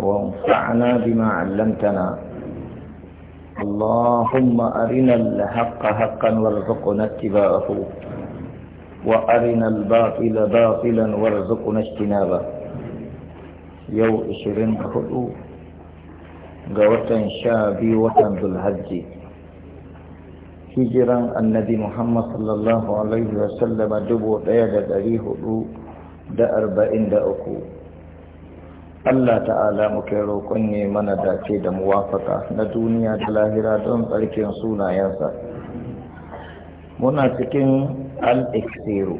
وانفعنا بما علمتنا اللهم أرنا الحق حقا وارزقنا اتباعه وأرنا الباطل باطلا وارزقنا اجتنابه يو إشرين خلو غوتا شابي وطن ذو الحج هجرا النبي محمد صلى الله عليه وسلم دبو ديادة أريه دا أربعين دا أكو Allah ta'ala muke roƙon ne mana dace da muwafaka na duniya da lahira don tsarkin sunayensa muna cikin al-iksiru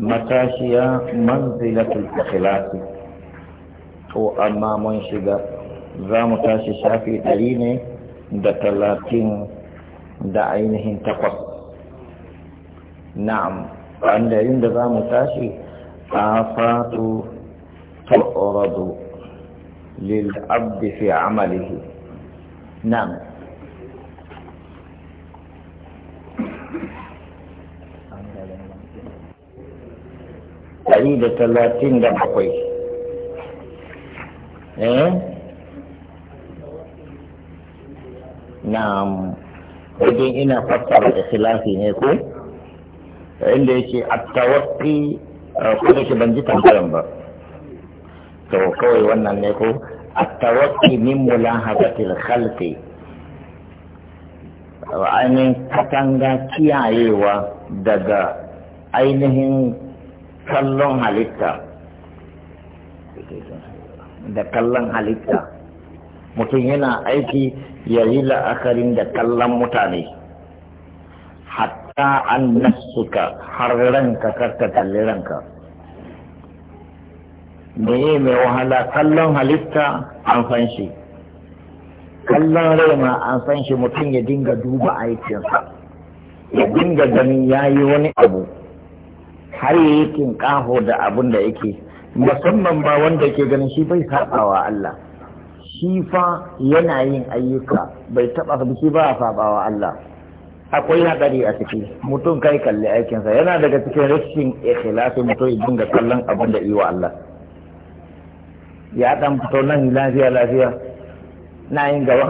matashiya manzilatul ikhlasi to amma mun shiga za mu tashi shafi ɗari ne da talatin da ainihin takwas na'am wanda yin da za mu tashi a fatu. تعرض للعبد في عمله نعم da talatin da bakwai ina fassara ikhlasi ne ko inda yake at-tawaqqi ban ji tambayan ba to kawai wannan ne ko min من ملاحظة الخلق ainihin katanga kiyayewa daga ainihin kallon halitta da kallon halitta mutum yana aiki ya yi la'akarin da kallon mutane hatta an nasuka har ranka karka kalli ranka meye mai wahala kallon halitta an san shi kallon rai ma an san shi mutum ya dinga duba aikinsa ya dinga ganin ya yi wani abu har ya yi kaho da abin da yake musamman ba wanda ke ganin shi bai saɓawa Allah shi fa yana yin ayyuka bai taɓa shi ba a saɓawa Allah akwai haɗari a ciki mutum kai kalli aikinsa yana daga cikin rashin ikhlasi mutum ya dinga kallon abun da yi wa Allah ya dan fito nan lafiya lafiya na yin gaba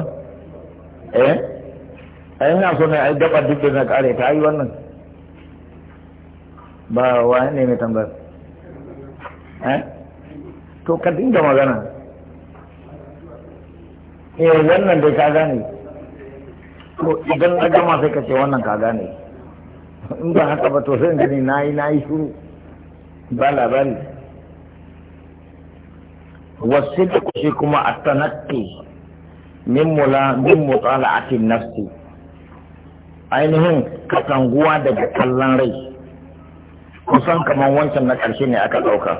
eh ai na so ne ai gaba duk da na kare ta yi wannan ba wa ne mai tambayar eh to ka dinga magana eh wannan dai ka gane to idan na gama sai ka ce wannan ka gane in ba haka ba to sai gani na yi na yi shuru ba labari wasu shi kuma a tanatti min mula min cikin nafsi ainihin katanguwa daga kallon rai kusan kamar wancan na ƙarshe ne aka ɗauka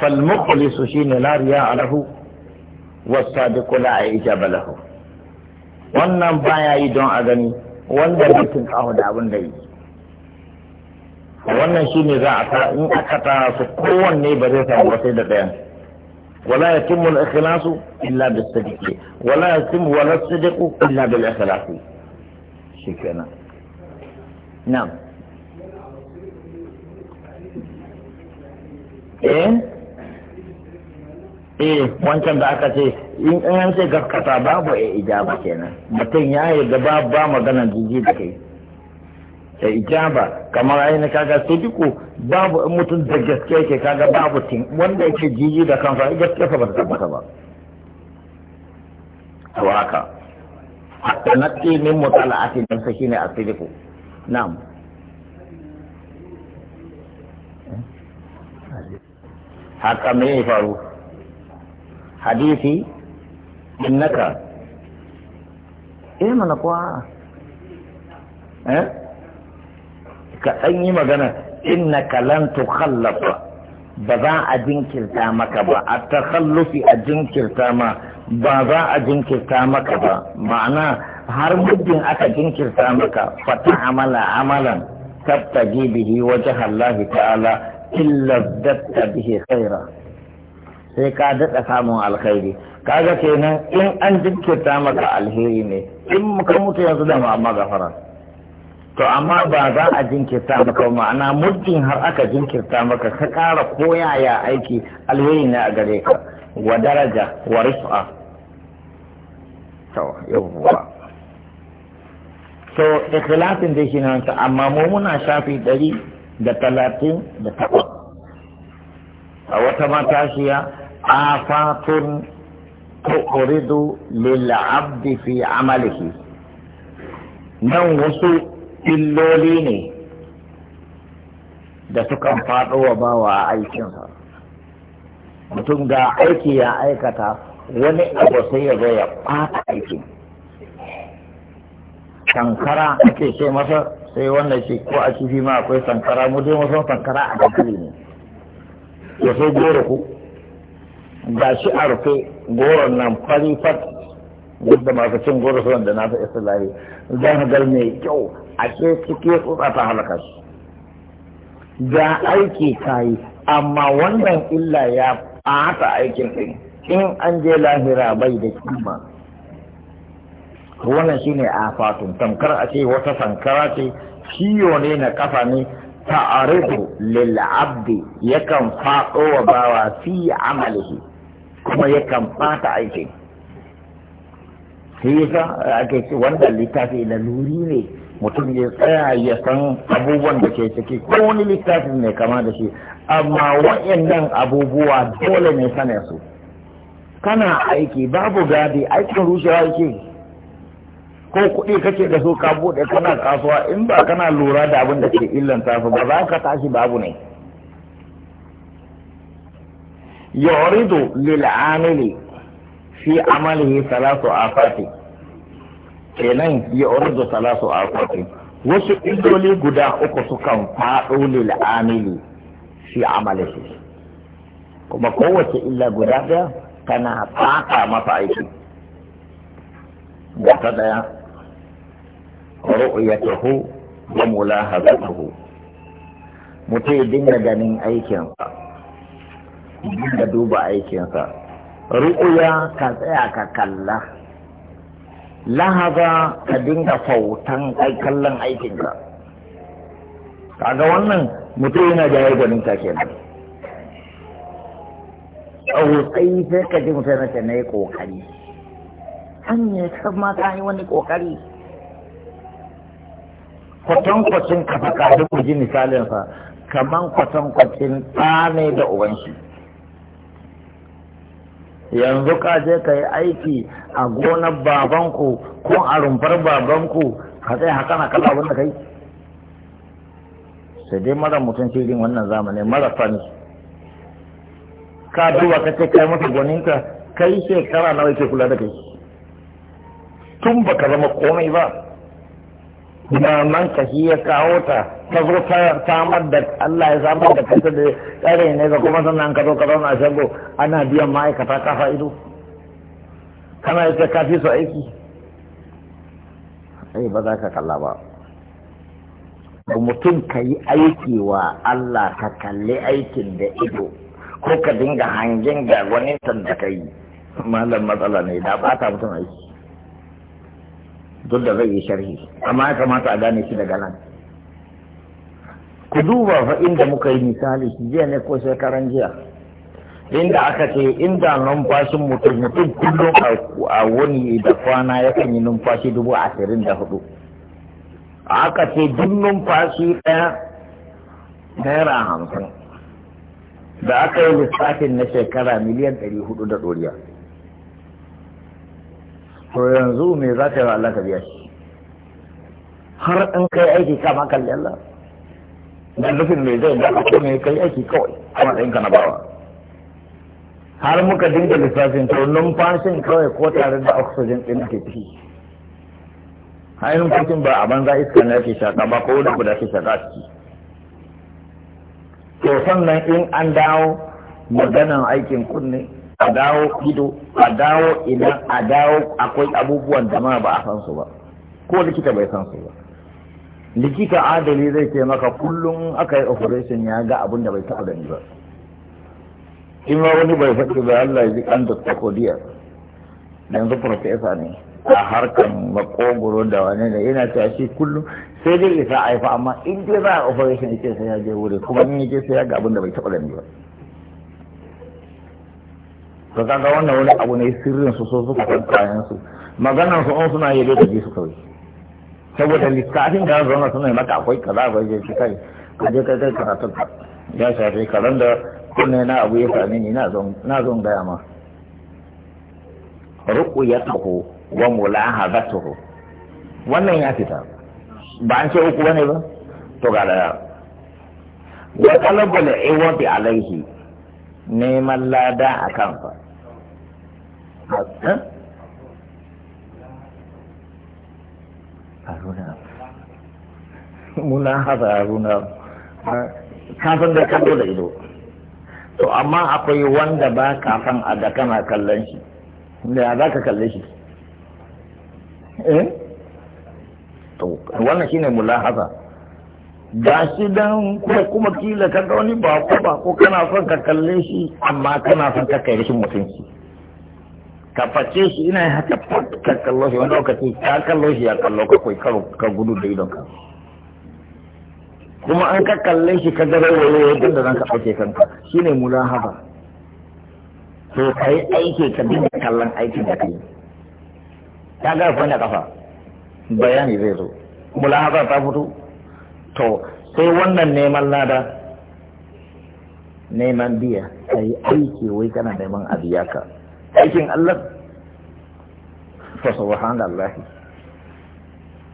falmukulisu shi ne lariya alahu wasa da kula a ija balahu. wannan baya yi don a gani wanda mutum kawo da abin da yi wannan shi ne za a ta in aka tara su kowanne ba zai samu sai da ɗayan wala ya timmul ikhlasu illa bis sadiqi wala ya wala sadiqu illa bil ikhlasi shi kenan na'am eh eh wancan da aka ce in an ce gaskata babu e ijaba kenan mutum ya yi ba ba maganar jiji da kai da ijaba kamar ainihin kaga sadiku babu in mutum da gaske yake kaga babu tin wanda yake jiji da kansa gaske fa ba ta tabbata ba to haka hatta natti min mutala'ati dan sa shine asidiku na'am haka me ya faru hadisi innaka eh mana kwa eh ka ɗan yi magana inna kalan tukhallafa ba za a jinkirta maka ba a takhallufi a jinkirta ma ba za a jinkirta maka ba ma'ana har muddin aka jinkirta maka fata amala amalan tabtaji bihi wajen Allah ta'ala illa datta bihi khaira sai ka daɗa samun alkhairi kaga kenan in an jinkirta maka alheri ne in muka mutu yanzu da ma gafara to amma ba za a jinkirta maka ma'ana muddin har aka jinkirta maka ka kara koya ya aiki alheri na a gare ka wa daraja wa rif'a to yawwa to ikhlasin da shi nan amma mu muna shafi ɗari da talatin da takwas a wata matashiya afatun tuqridu lil abdi fi amalihi nan wasu illoli ne da sukan faɗo wa bawa a aikinsa mutum ga aiki ya aikata wani abu sai ya zo ya ɓata aikin sankara ake ce masa sai wannan ce ko a kifi ma akwai sankara mu dai masu sankara a dankali ne ya sai goro ku ga shi a rufe goron nan fari fat duk da masu cin gurfin da nasu lahi za mu gar mai kyau a ke cike tsutsa ta halaka su ga aiki ta yi amma wannan illa ya ɓata aikin ɗin in an je lahira bai da kima wannan shine a fatun tamkar a ce wata sankara ce ciwo ne na kafa ne ta'arifu lil abdi yakan faɗo wa bawa fi amalihi kuma yakan ɓata aikin ya san ake ce wanda littafi na luri ne mutum ya tsaya ya san abubuwan da ke ciki ko wani littafin ne kama da shi amma nan abubuwa dole ne sana su kana aiki babu gadi aikin rushewa yake ko kuɗi kake da su ka buɗe kana kasuwa in ba kana lura da abin da ke illan tafi ba za ka tashi babu ne Yoridu lil'amili fi amalihi salatu afati kenan ya urdu salatu afati wasu idoli guda uku sukan ne lil amili fi amalihi kuma kowace illa guda ɗaya tana fata masa aiki da ta ɗaya ru'yatuhu wa mulahazatuhu mutum ya dinga ganin aikinsa dinga duba aikinsa ru'uya ka tsaya ka kalla lahaza ka dinga fautan ai kallon aikinka kaga wannan mutum yana da yayi gwanin kenan tsawotsai sai ka ji mutum yana na yi kokari an yi kan ma yi wani kokari kwatankwacin kafa kafin mu ji misalinsa kaman kwatankwacin ɗa da uban shi yanzu ka je ka yi aiki a gonar babanku ko a rumfar babanku ka tsaye haka na kala abin da kai sai dai mara mutum irin wannan zamani mara fani ka duba ka ce kai masa gwaninka kai shekara nawa ke kula da kai tun baka zama komai ba maman ka shi ya kawo ta ta zo ta samar da Allah ya samar da kanta da tsare ne ga kuma sannan ka zo ka zauna shago ana biyan ma'aikata ka ido kana yace ka fi so aiki ai ba za ka kalla ba mutum ka yi aiki wa Allah ka kalli aikin da ido ko ka dinga hangen ga da ka yi malam matsala ne da ba ta mutum aiki duk da zai yi sharhi amma ya kamata a gane shi daga nan ku duba fa inda muka yi misali jiya ne ko shekaran jiya inda aka ce inda numfashin mutum mutum kullum a wani da kwana ya kan yi numfashi dubu ashirin da hudu aka ce duk numfashi ɗaya naira hamsin da aka yi lissafin na shekara miliyan ɗari hudu da ɗoriya to yanzu me za ka yi wa Allah ka biya shi har in kai aiki kama kalli Allah dan nufin mai zai da ko me kai aiki kawai a matsayin ka na bawa har muka dinga lissafin to numfashin kawai ko tare da oxygen din ake fi har numfashin ba a banza iska na ke shaka ba ko da guda ke shaka ciki to sannan in an dawo maganan aikin kunne a dawo ido a dawo idan a dawo akwai abubuwan da ma ba a san su ba ko likita bai san su ba likita adali zai ce maka kullum aka yi operation ya ga abin da bai taɓa gani ba in ma wani bai faɗi ba Allah ya ji kan da kodiya yanzu professor ne a harkan makogoro da wani da yana cewa shi kullum sai dai isa aifa amma in dai za a operation yake sai ya je wuri kuma in yake sai ya ga abin da bai taɓa gani ba ka kaga wannan wani abu ne sirrin su so suka san kayan su maganar su on suna yi da su kawai saboda littafin da zauna suna maka akwai kaza ba je shi kai ka je kai kai karatun ka ya shafe karan da kunne na abu ya same ni na zo na zon gaya ma ruqyatuhu wa mulahadatuhu wannan ya fita ba an ce uku bane ba to ga daya wa talabul iwadi alaihi neman lada a fa. haruna muna haza haruna kafin da kallo da ido to amma akwai wanda ba kafin a da kana kallon shi da ya za ka kalle shi eh to wannan shine mulahaza ga shi dan ko kuma kila ka ga wani ba ko ba ko kana son ka kalle shi amma kana son ka kai rashin mutunci ka face shi ina haka ka kallo shi wani lokaci ka kallo shi ya kallo ka kai karo ka gudu da idon ka kuma an ka kalle shi ka gare wani yadda da zan ka ɗauke kanka shine haba to ka yi aiki ka dinga kallon aikin da kai ta ga fanya kafa bayani zai zo haba ta fito to sai wannan neman lada neman biya ka yi aiki wai kana neman abiya ka aikin Allah fa Allah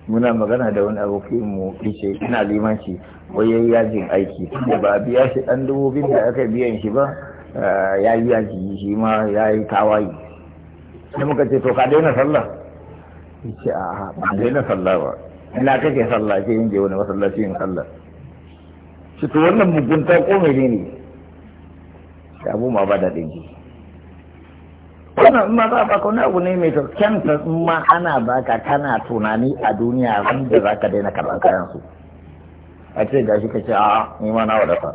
muna magana da wani aboki mu yace ina limanci wai yayi yajin aiki tunda ba biya shi dan dubu bin da aka biyan shi ba eh, ya yi yaji shi ma ya yi tawayi sai muka ce to ka daina sallah yace a ba daina sallah ba ina kake sallah sai in je wani masallaci in sallah shi to wannan mugunta ko menene abu ma ba da dinki wannan in ma za a baka abu ne mai kyau kyanta in ma ana baka kana tunani a duniya ran da za ka daina karɓar kayan su a ce ga shi ka ce a'a ni ma na wadata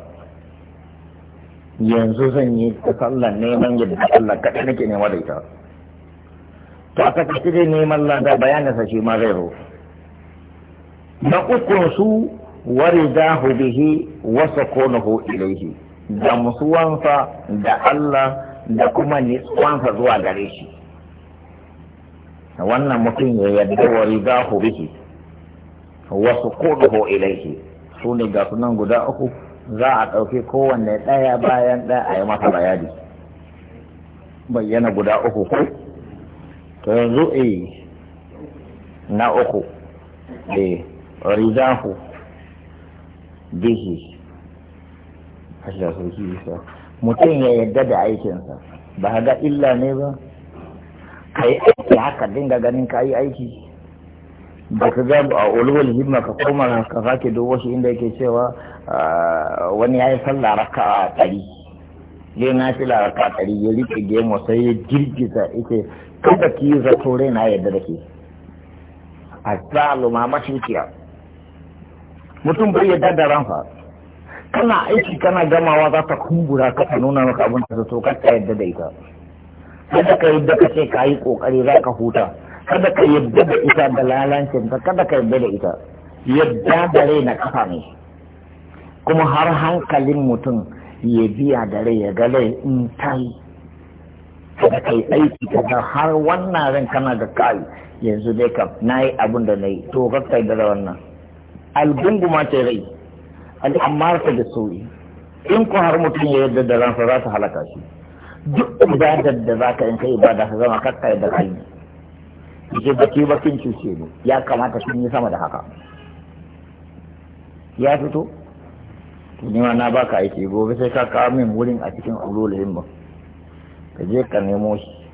yanzu zan yi ta neman yadda Allah kaɗai nake nema da ita to a shi dai neman lada bayanin sa shi ma zai zo na ukun su wari hu bihi na sakunuhu ilaihi, da musuwansa da Allah da kuma nitsuwansa zuwa gare shi wannan mutum ya yarda wa ridahu bihi wa ko ilaihi su ne ga sunan guda uku za a ɗauki kowanne ɗaya bayan ɗaya a yi masa bayani bayyana guda uku ko to yanzu eh na uku eh ridahu bihi Allah sarki mutum ya yarda da aikinsa ba ga illa ne ba ka yi aiki haka dinga ganin ka yi aiki ba ka ga a ulul himma ka koma ka sake dubo shi inda yake cewa ah, wani ya yi sallah raka a ɗari ya na nafi laraka a ɗari ya rike gemu sai ya girgiza ita kada ki yi zato rai na yarda da ke a tsalo ma mutum bai yarda da ranfa kana aiki kana gamawa za ta kumbura ka ta nuna maka abin da so ka ta yadda da ita kada ka yadda ka ce ka yi kokari za ka huta kada ka yadda da ita da lalancin ta kada ka yadda da ita yadda da rai na kafa ne kuma har hankalin mutum ya biya da rai ya ga rai in ta yi kada ka yi aiki kada har wannan ran kana da kai yanzu dai kam na yi abin da na yi to ka da wannan algunguma ce rai al'amarsa da soyi in ku har mutum ya yadda da ransa za su halaka shi duk ibadar da za ka yi kai ibada ka zama kakka da kai yake da ke bakin cuce ne ya kamata sun yi sama da haka ya fito ni ma na baka aiki gobe sai ka kawo min wurin a cikin ulul ba. ka je ka nemo shi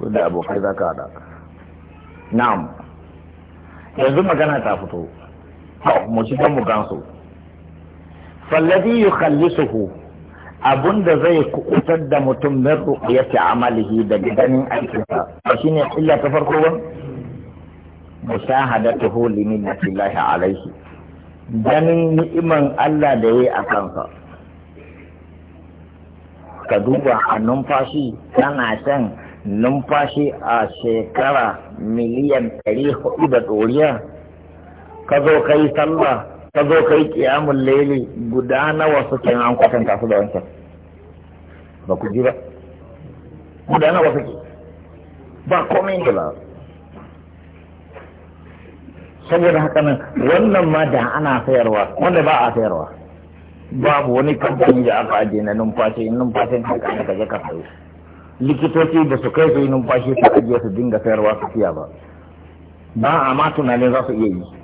ko da abokai za ka haɗa na'am yanzu magana ta fito mu shiga mu gansu فالذي يخلصه abun da zai kukutar da mutum min ru'yati amalihi da gidanin aikinsa ne illa ta farko ba musahadatuhu li minnatillahi alaihi ganin ni'iman Allah da yayi a kansa ka duba a numfashi kana shan numfashi a shekara miliyan ɗari huɗu da ɗoriya ka zo ka sallah ka zo ka yi kiyamun laili guda nawa suke an kwatan kasu da wancan ba ku ji ba guda nawa suke ba komai ne ba saboda haka nan wannan ma da ana sayarwa wanda ba a sayarwa babu wani kamfani da aka ajiye na numfashi in ne haka ne ka ka sayo likitoci da su kai su yi numfashi su ajiye su dinga sayarwa su fiya ba ba a ma tunanin za su iya yi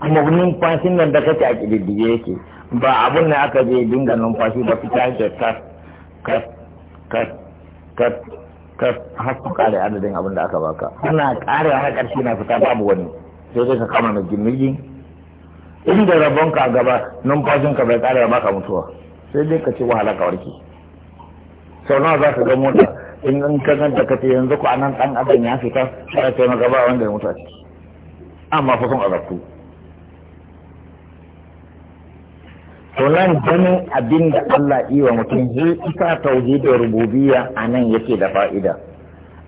kuma numfashin nan da kake a kididdige yake ba abun ne aka je dinga numfashi ba fita yake kas kas kas har kare adadin abin da aka baka ana kare har karshe na fita babu wani sai dai ka kama na gimiji inda rabon ka gaba numfashin ka bai kare ba ka mutuwa sai dai ka ci wahala ka warke sau nawa za ka ga mota in in ka ganta ka ce yanzu ko anan dan adam ya fita sai ka ce ba wanda ya mutu a ciki amma fa sun azabtu to nan ganin abin da Allah wa mutum zai isa tauhidin rububiyya a nan yake da fa'ida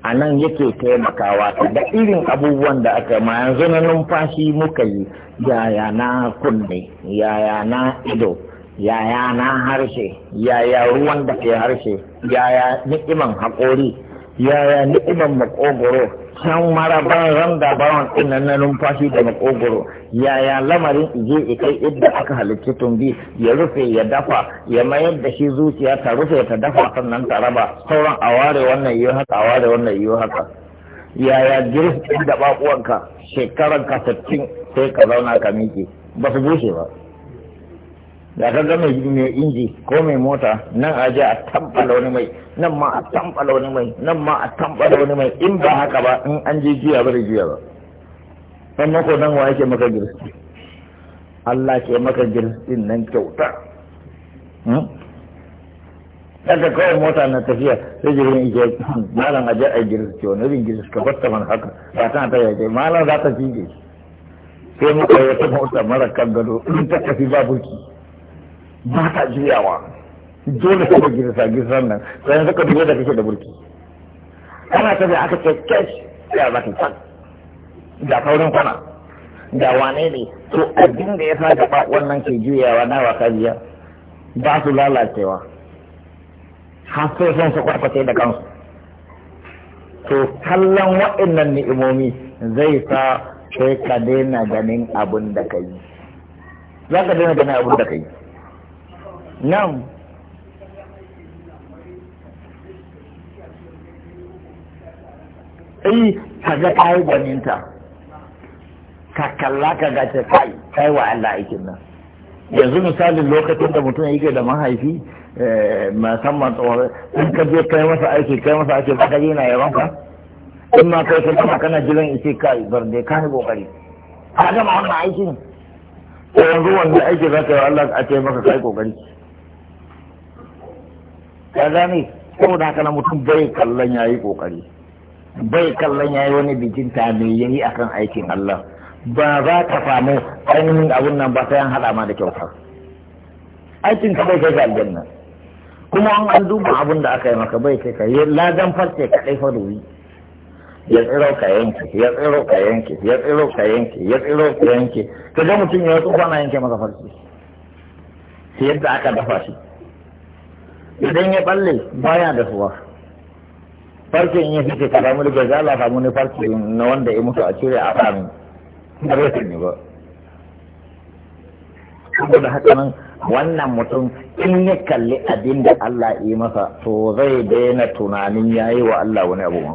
a nan yake taimakawa da irin abubuwan da aka ma yanzu na numfashi muka yi yaya na kunne yaya na ido yaya na harshe yaya ruwan da ke harshe yaya ni'iman haƙori yaya ni'imar makogoro can maraban ran da bawan ɗinnan na numfashi da makogoro yaya lamarin ije kai idda aka halicci tumbi ya rufe ya dafa ya mayar da shi zuciya ta rufe ta dafa sannan ta raba sauran a ware wannan yiwu haka a ware wannan yiwu haka yaya girfin da bakuwanka shekaranka ka sai ka zauna ka miƙe ba su bushe ba da ka ga mai inji ko mai mota nan a ji a tambala wani mai nan ma a tambala wani mai nan ma a tambala wani mai in ba haka ba in an je jiya ba da jiya ba ɗan mako nan wa yake maka girsi Allah ke maka girsi nan kyauta hmm? daga kawai mota na tafiya sai jirgin ike hmm, malam a je a girsi wani rin girsi ka fata man haka ba ta ta yake malam za ta cije sai muka yi wata mota mara kan gado in ta tafi babuki ba ta juyawa dole ka girsa girsan nan sai yanzu ka dubo da kake da burki ana ta da aka ce cash ya za ka san da kaurin kwana da wane ne to abin da ya sa gaba wannan ke juyawa na wasa biya ba su lalacewa har sai sun su kwarface da kansu to kallon waɗannan ni'imomi zai sa sai ka daina ganin abin da ka yi za ka daina ganin abin da ka yi na'am eh ka ga kayi gwaninta ka kalla ka ga ce nan yanzu misalin lokacin da mutum yake da mahaifi eh, musamman tsohon in ka je kai masa aiki kai masa aiki ba ka je na yawan ka in ma kai sun kama kana jiran ice kai bar dai ka yi kokari ka gama wannan aikin yanzu wanda aiki za ka yi Allah a ce maka kai kokari ya gane saboda haka na mutum bai kallon ya yi ƙoƙari bai kallon ya yi wani bijinta mai yi akan aikin Allah ba za ka samu ainihin abun nan ba sai an haɗa ma da kyautar aikin ka bai kai ga aljanna kuma an an duba abun da aka yi maka bai kai ka yi ladan farce ka ɗai faruwi ya tsiro ka yanke ya tsiro ka yanke ya tsiro ka yanke ya tsiro ka yanke ka ga mutum ya tsufa na yanke masa farce sai yadda aka dafa shi idan ya balle baya da suwa in ya fice ka samu da za a samu ne farke na wanda ya mutu a cire a sami ba zai sani ba saboda haka nan wannan mutum in ya kalli abin da Allah yi masa to zai daina tunanin ya yi wa Allah wani abu ma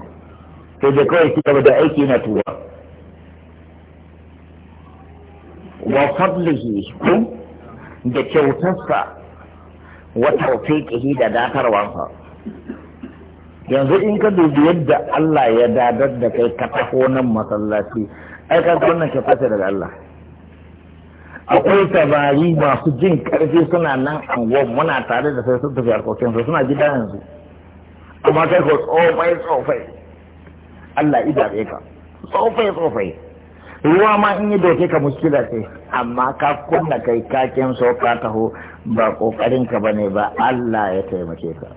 to da kawai ci gaba da aiki na tuwa wa fadlihi da kyautarsa wa tawfiqihi da datarwansa yanzu in ka dubi yadda Allah ya dadar da kai ka taho nan masallaci ai ka wannan ke fata daga Allah akwai tabari masu jin karfi suna nan anguwan muna tare da sai su tafi harkokin su suna gida yanzu amma kai ko tsofai tsofai Allah ida ka tsofai tsofai ruwa ma in yi doke ka muskila sai amma ka kunna kai kakin so ka taho ba kokarin ka bane ba Allah ya taimake ka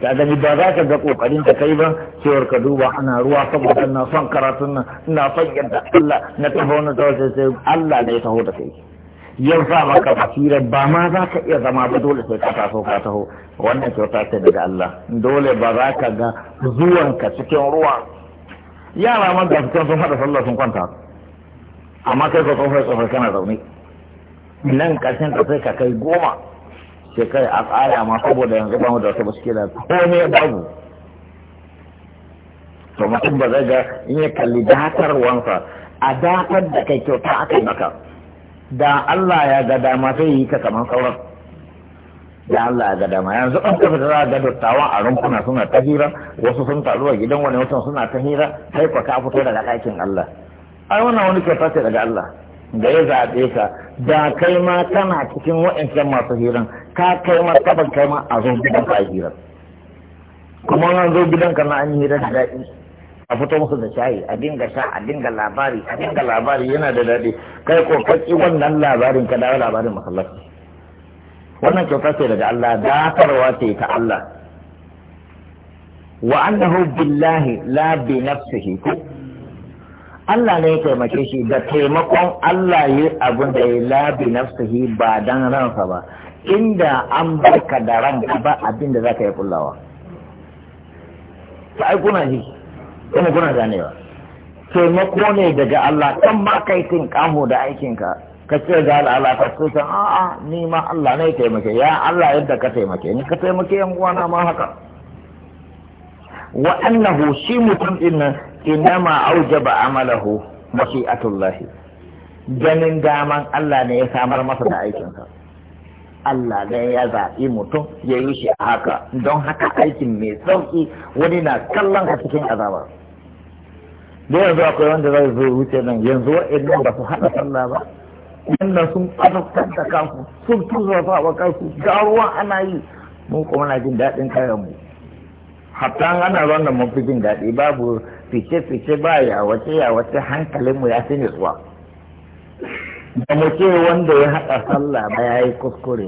ka gani ba za ka ga kokarin ka kai ba cewar ka duba ana ruwa saboda na son karatun nan ina son yadda Allah na taho na taho sai Allah ne ya taho da kai yau sa maka basira ba ma za ka iya zama ba dole sai ka taso ka taho wannan kyauta ce daga Allah dole ba za ka ga zuwanka cikin ruwa yara ma da fitan sun fada sallah sun kwanta amma kai ka kofar kofar kana zaune nan ƙarshen ka sai ka kai goma sai kai a tsaya ma saboda yanzu ba mu da wasu wata muskila komai babu to mutum ba zai ga in ya kalli datarwansa a datar da kai kyauta aka yi maka da Allah ya ga dama sai yi ka kamar sauran da Allah ya gada yanzu an da za ga dattawan a rumfuna suna ta hira wasu sun taru a gidan wani mutum suna ta hira kai ka ka fito daga ɗakin Allah ai wannan wani kyauta ce daga Allah da ya zaɓe ka da kai ma kana cikin wa'ancan masu hiran ka kai ma kaban kai ma a zo gidan ka a kuma an zo gidan ka na an hira da daɗi a fito musu da shayi a dinga sha a dinga labari a dinga labari yana da daɗi kai ko kaki wannan labarin ka dawo labarin masallaci wannan kyauta ce daga Allah dafarwa ce ta Allah wa annahu billahi la bi nafsihi Allah ne ya taimake shi da taimakon Allah yi abin da ya bi nafsihi ba dan ransa ba inda an barka da ranka ba abin da zaka yi kullawa ta ai kuna ji kuma kuna ganewa taimako ne daga Allah kan ma kai tin kamo da aikinka ka ce ga Allah ka a a'a ni ma Allah ne taimake ya Allah yadda ka taimake ni ka taimake yan uwana ma haka wa annahu shi mutum din nan inama aujaba amalahu mashi'atullah ganin daman Allah ne ya samar masa da aikinsa Allah ne ya zaɓi mutum ya yi shi a haka don haka aikin mai sauƙi wani na kallon ka cikin azaba da yanzu akwai wanda zai zo wuce nan yanzu wa'in ba su haɗa sallah ba wannan sun azabtar da kanku sun tuzurfa wa kanku ga ruwa ana yi mun kuma na jin daɗin kayan mu hatta ana ruwan da mun fi jin daɗi babu fice-fice ba ya wace ya wace hankalin mu ya fi nutsuwa da mu ce wanda ya haɗa sallah ba ya yi kuskure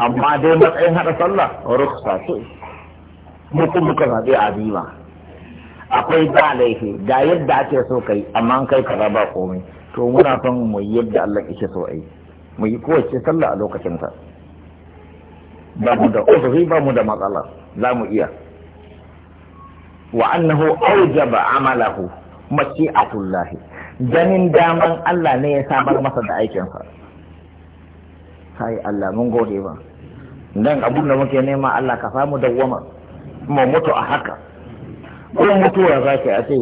amma dai matsayin haɗa sallah ruksa ce mu kuma ka a azima akwai ba laifi ga yadda ake so kai amma kai kaza ba komai to muna son mu yi yadda Allah yake so ai mu yi kowace sallah a lokacin ta ba mu da uzuri ba mu da matsala za mu iya wa annahu aujaba amalahu mashi'atullah ganin daman Allah ne ya samar masa da aikinsa sai Allah mun gode ba dan abun da muke nema Allah ka samu dawwama mu mutu a haka kun mutuwa za ka a ce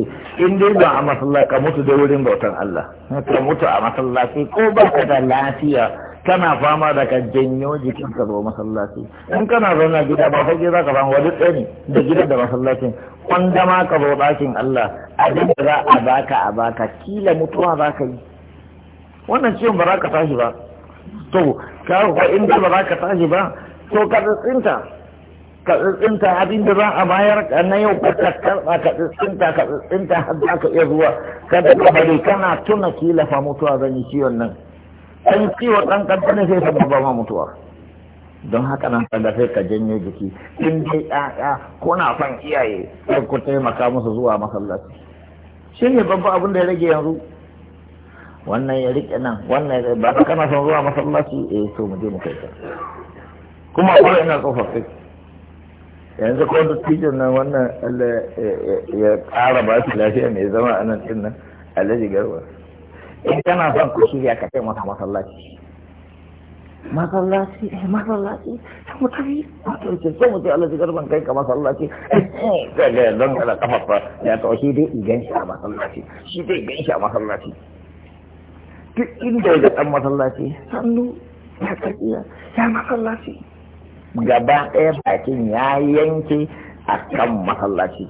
in dai ba a masallaci ka mutu da wurin bautan Allah ka mutu a masallaci ko ba ka da lafiya kana fama da ka janyo jikin ka zo masallaci in kana zauna gida ba fage za ka fama wani tsani da gida da masallacin kwanda ma ka zo ɗakin Allah abin da za a baka a baka kila mutuwa za ka yi wannan ciwon ba za ka tashi ba to ka inda ba za ka tashi ba to ka tsinta ka tsintsinta da za a bayar na yau ka karɓa ka tsintsinta ka tsintsinta har za ka iya zuwa kada ka bari kana tuna kila fa mutuwa zan yi ciwon nan yi ciwo ɗan ƙanƙanin sai ka ba ma mutuwa don haka nan kada sai ka janyo jiki in dai ƴaƴa kuna son iyaye sai ku taimaka musu zuwa masallaci shi ne babban abin da ya rage yanzu wannan ya rike nan wannan ya ba kana son zuwa masallaci eh to mu je mu kai ka kuma akwai ina tsofaffi yanzu ko da cikin nan wannan Allah ya ƙara ba shi lafiya mai zama a nan din nan alhaji garba in kana son ku shirya ka kai masa masallaci masallaci eh masallaci mu tafi mu ce so mu ce alhaji garban kai ka masallaci ga ga don kada kafa fa ya to shi dai igan shi a masallaci shi dai igan shi a masallaci duk inda ya ga dan masallaci hannu ya karbiya ya masallaci gaba ɗaya bakin ya yanke a kan masallaci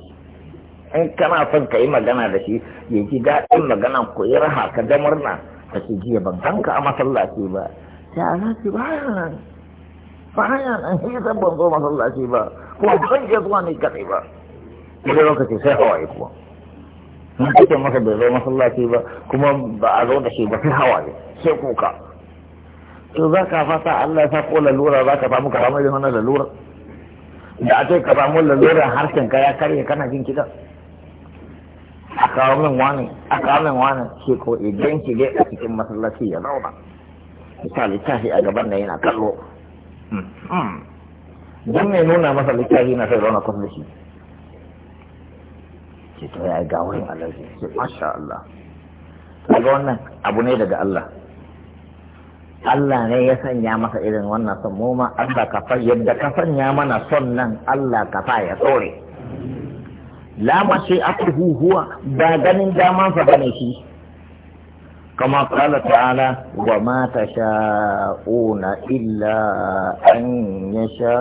in kana son ka yi magana da shi ya ji daɗin magana ko yi raha ka ga murna ka ce jiya ban kanka a masallaci ba ta za ki baya nan ba ya nan shi ban zo masallaci ba kuma ban je zuwa ne kaɗai ba wani lokaci sai hawaye kuma mun kake masa bai zo masallaci ba kuma ba a zo da shi ba sai hawaye sai kuka to za ka fasa Allah ya sako lalura za ka samu karamar da wannan lalura da a ce ka samu lalura harshen ka ya karye kana jin kiɗa a kawo wani a kawo wani ce ko idan ki a cikin masallaci ya zauna misali tashi a gaban da yana kallo hmm, hmm. don mai nuna masa littafi na sai zauna kusa da shi ce to ya ga wurin alaji ce masha Allah ga wannan abu ne daga Allah Allah ne ya sanya masa irin wannan son mu ma Allah ka fa yadda ka sanya mana son nan Allah ka fa ya tsore la mashi'atuhu huwa ba ganin dama sa bane shi kama qala ta'ala wa ma tasha'una illa an yasha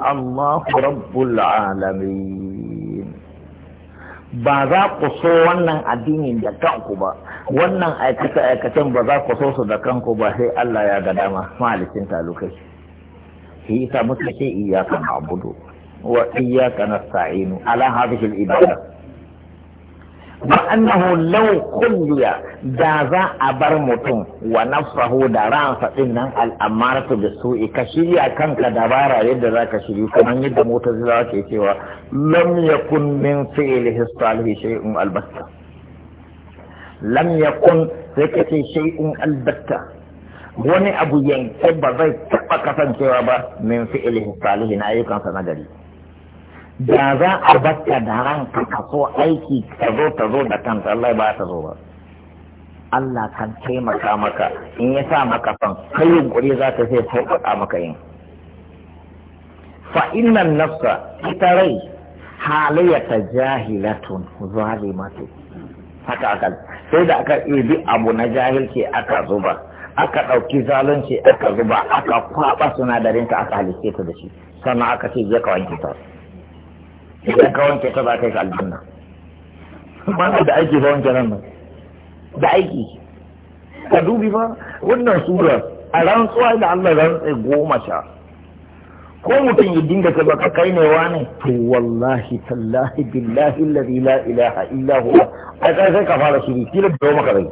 Allahu rabbul alamin ba za ku so wannan addinin da kanku ba wannan aikace aikacen ba za ku so su da kanku ba sai Allah ya ga dama malikin talukai shi yasa muka ce iyyaka na'budu wa iyyaka nasta'inu ala hadhihi al-ibada وأنه لو خلي جازا أبر متم ونفسه دران فإن الأمارة بالسوء كشريا كان كدبارا يد ذاك شريا كمان يد متزلا كيتوا لم يكن من فعله الصالح شيء البتة لم يكن ذلك شيء البتة wani abu yanke ba zai taɓa kasancewa ba min fi'ilihi salihin ayyukansa na gari da za a bakka da ranka ka so aiki ka zo ta zo da kanta Allah ba ta zo ba Allah kan taimaka maka in ya sa maka fan kai yunkuri za ta sai sauƙaƙa maka yin fa innan nafsa ita rai halayyata jahilatun zalimatu haka aka sai da aka ibi abu na jahilci aka zuba aka ɗauki zalunci aka zuba aka kwaɓa sinadarinta aka halice ta da shi sannan aka ce ya ka wanke ta idan ka wanke ta za ka yi aljanna ba da aiki ba wanke nan da aiki ka dubi fa wannan sura a rantsuwa da Allah rantsai goma sha ko mutum ya dinga ka baka kai ne wani to wallahi tallahi billahi lalila la ilaha illa huwa a sai ka fara shiri kila da maka rai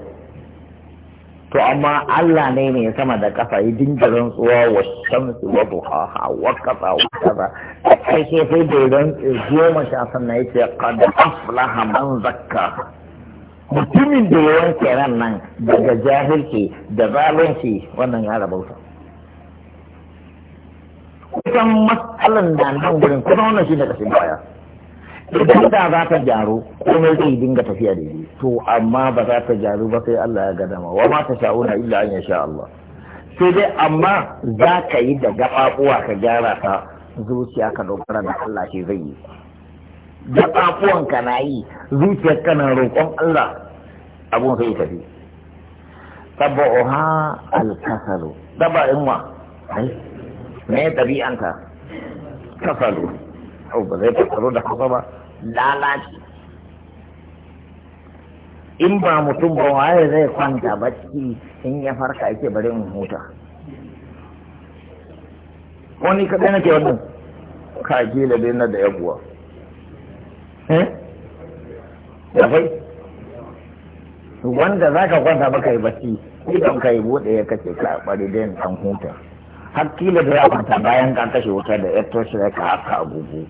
to amma Allah ne mai sama da kafa yi dingirin tsuwa wa shamsu wa duhaha wa kaza wa a kai ke sai da rantsi goma sha sannan yace kada aflaha man zakka mutumin da ya wanke ran nan daga jahilci da zalunci wannan ya rabauta kusan matsalan da nan gurin kuma wannan shi ne kashin baya idan da za ta gyaru komai zai dinga tafiya da daidai to amma ba za ta gyaru ba sai Allah ya gadama wa ma ta sha'una illa an yasha Allah sai dai amma za ka yi da gaɓaɓuwa ka gyara ta zuciya ka dogara da Allah shi zai yi gaɓaɓuwan ka na yi zuciyar ka na roƙon Allah abun sai tafi tabba'uha alkasalu daba'in wa ne ɗabi'anka kasalu au ba zai tattaro da kafa ba lalaci in ba mutum ba waye zai kwanta bacci in ya farka ake bari in huta wani kaɗai nake wannan kaji da na da yabuwa eh da wanda za ka kwanta baka yi bacci idan ka yi bude, ya kace ka bari dai in huta kila da ya kwanta bayan ka kashe wuta da ya toshe ka haka agogo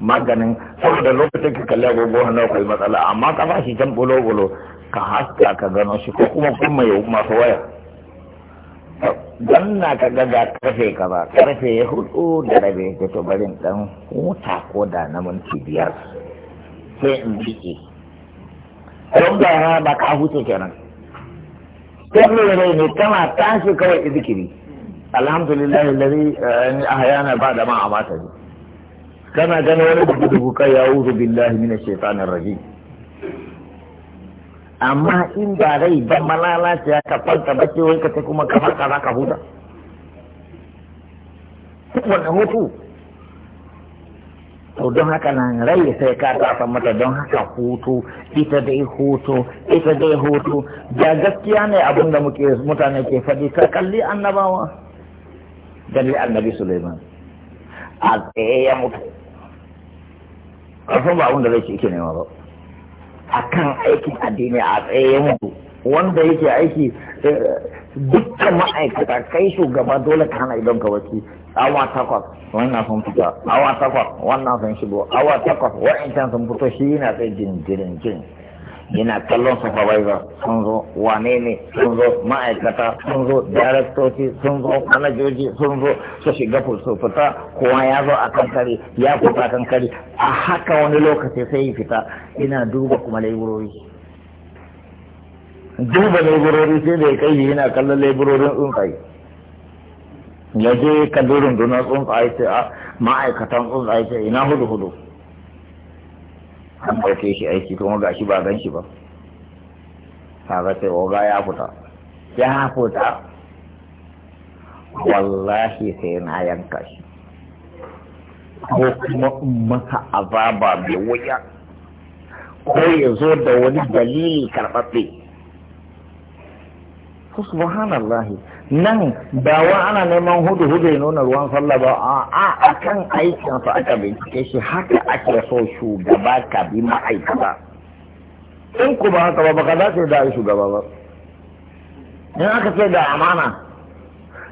maganin saboda lokacin ka kalli agogo hannu akwai matsala amma ka ba shi can bulo-bulo ka haska ka gano shi ko kuma kun mai masu waya don na ka gaga karfe ka ba karfe ya hudu da rabe ka to barin dan huta ko da na minti biyar sai in biƙe don ba ba ka huce kenan sai ne ne kama tashi kawai izikiri alhamdulillah lalari eh, a hayana ba da ma a mata ne kana gani wani da gudu kai ya wuzu billahi mina shaitanin raji amma in ba rai ba malalaci ya ka fanta ba ce ka ta kuma kamar ka za ka huta wanda hutu to don haka nan rai sai ka tafa mata don haka hutu ita dai hutu ita dai hutu da gaskiya ne abin da mutane ke faɗi ka kalli annabawa dalil annabi Sulaiman a tsaye ya mutu kafin ba wanda zai ce ike nema ba a kan aikin addini a tsaye ya mutu wanda yake aiki dukkan eh, eh, ma'aikata eh, kai shugaba dole ka hana idan ka wasu awa takwas wannan sun fita awa takwas wannan sun shigo awa takwas can sun fito shi yana tsaye jirin jirin yana kallon supervisor sun zo wane ne sun zo ma'aikata sun zo directoci sun zo manajoji sun zo su shiga su fita kowa ya zo a kankari ya fita kankari a haka wani lokaci sai fita ina duba kuma laiburori duba laiburori sai da ya kai yana kallon laiburorin tsuntsaye ya je ka durin dunar tsuntsaye sai a ah, ma'aikatan tsuntsaye sai ina hudu hudu an ɗauke shi aiki kuma ga shi ba gan shi ba kaga sai oga ya fita ya fita wallahi sai na yanka shi ko kuma in masa azaba mai wuya ko ya zo da wani dalili karɓaɓɓe subhanallahi nan ba wa ana neman hudu hudu ya nuna ruwan sallah ba a akan aikinsa aka bincike shi haka ake so shugaba ka bi ma'aikata in ku ba haka ba baka dace da shugaba ba in aka ce da amana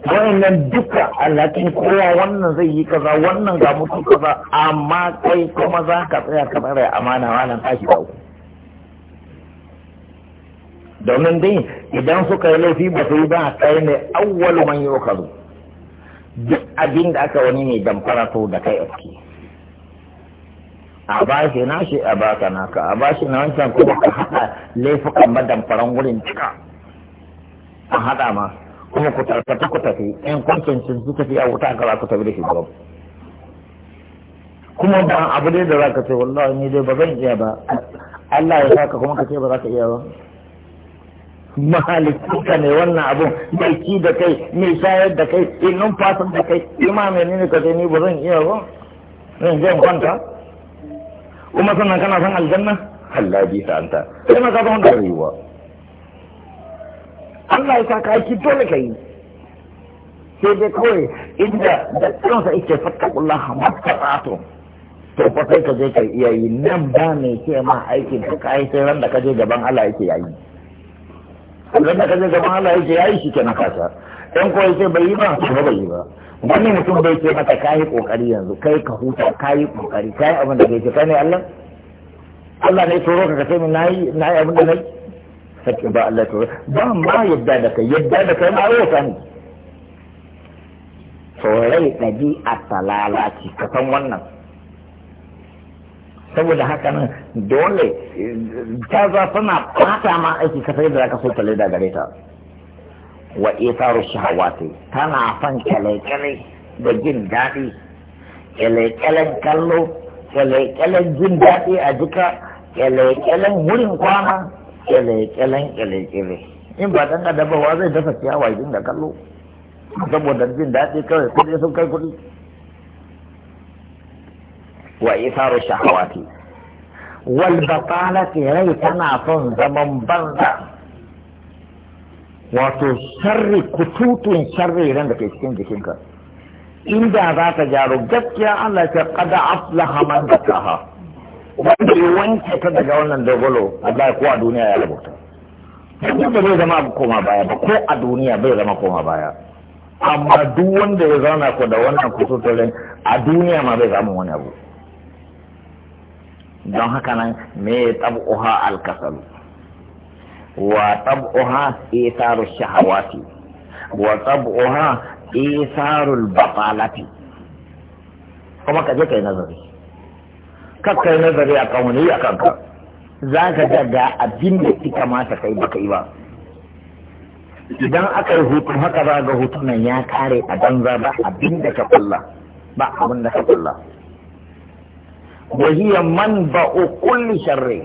nan duka alhakin kowa wannan zai yi kaza wannan ga mutu kaza amma kai kuma za ka tsaya ka tsara amana ranar tashi ba ku domin dai idan suka yi laifi ba su yi ba kai ne awwalu man yukazu duk abin da aka wani ne damfara to da kai aski a ba shi na shi a baka naka a ba shi na wancan kuma ka haɗa laifukan ba damfaran wurin cika a haɗa ma kuma ku tarfata ku tafi in kun cancin su tafi a wuta ka za ku tafi da shi ba kuma ba abu dai da za ka ce wallahi ni dai ba zan iya ba Allah ya saka kuma ka ce ba za ka iya ba Mahalikuka ne wannan abun mai ci da kai mai shayar da kai in numfasin da kai ima mai ne ka ni ba zan iya ba zan je kwanta kuma sannan kana son aljanna Allah bi ta anta sai maka da rayuwa Allah ya saka aiki dole kai sai dai kawai inda da kansa yake fattakullaha mastata'tum to fa sai ka je ka iyayi nan ba ne ce ma aikin ka kai sai ran da ka je gaban Allah yake yayi wanda da kaje gama Allah yake yayi shi kenan kasa dan ko yake bai yi ba ba bai yi ba wani mutum bai ce mata kai kokari yanzu kai ka huta kai kokari kai abin da kai kai ne Allah Allah ne tsoro ka kace min nayi nayi abin da nayi sai ba Allah tsoro ba ma yadda da kai yadda da kai ma yau sani tsorai ɗabi'a talala ce ka san wannan saboda haka nan dole ta za suna fata ma aiki kasar da zaka so ta leda gare ta wa isaru shahawati tana son da jin daɗi kyalekyalen kallo kyalekyalen jin daɗi a jika kyalekyalen wurin kwana kyalekyalen kyalekyale in ba dan adabawa zai dafa ciyawa jin da kallo saboda jin daɗi kawai kuɗi sun kai kuɗi wa isaru shahawati wal batalati rai tana son zaman banza wato sharri kututun sharri ran da ke cikin jikinka inda za ta jaro gaskiya Allah ta kada aflaha man zakaha wanda ya wanke ta daga wannan dogolo Allah ko a duniya ya rubuta wanda bai zama koma baya ba ko a duniya bai zama koma baya amma duk wanda ya zauna ku da wannan kututun a duniya ma bai zama wani abu don haka nan me tab'uha alkasalu wa tab'uha isaru shahawati wa tab'uha isaru batalati kuma ka je kai nazari ka kai nazari a kawuni a kanka za ka ga ga abin da ki kamata kai baka yi ba idan aka yi hutu haka za ga nan ya kare a banza ba abin da ka kulla ba abin da ka kulla wa hiya o kulli sharri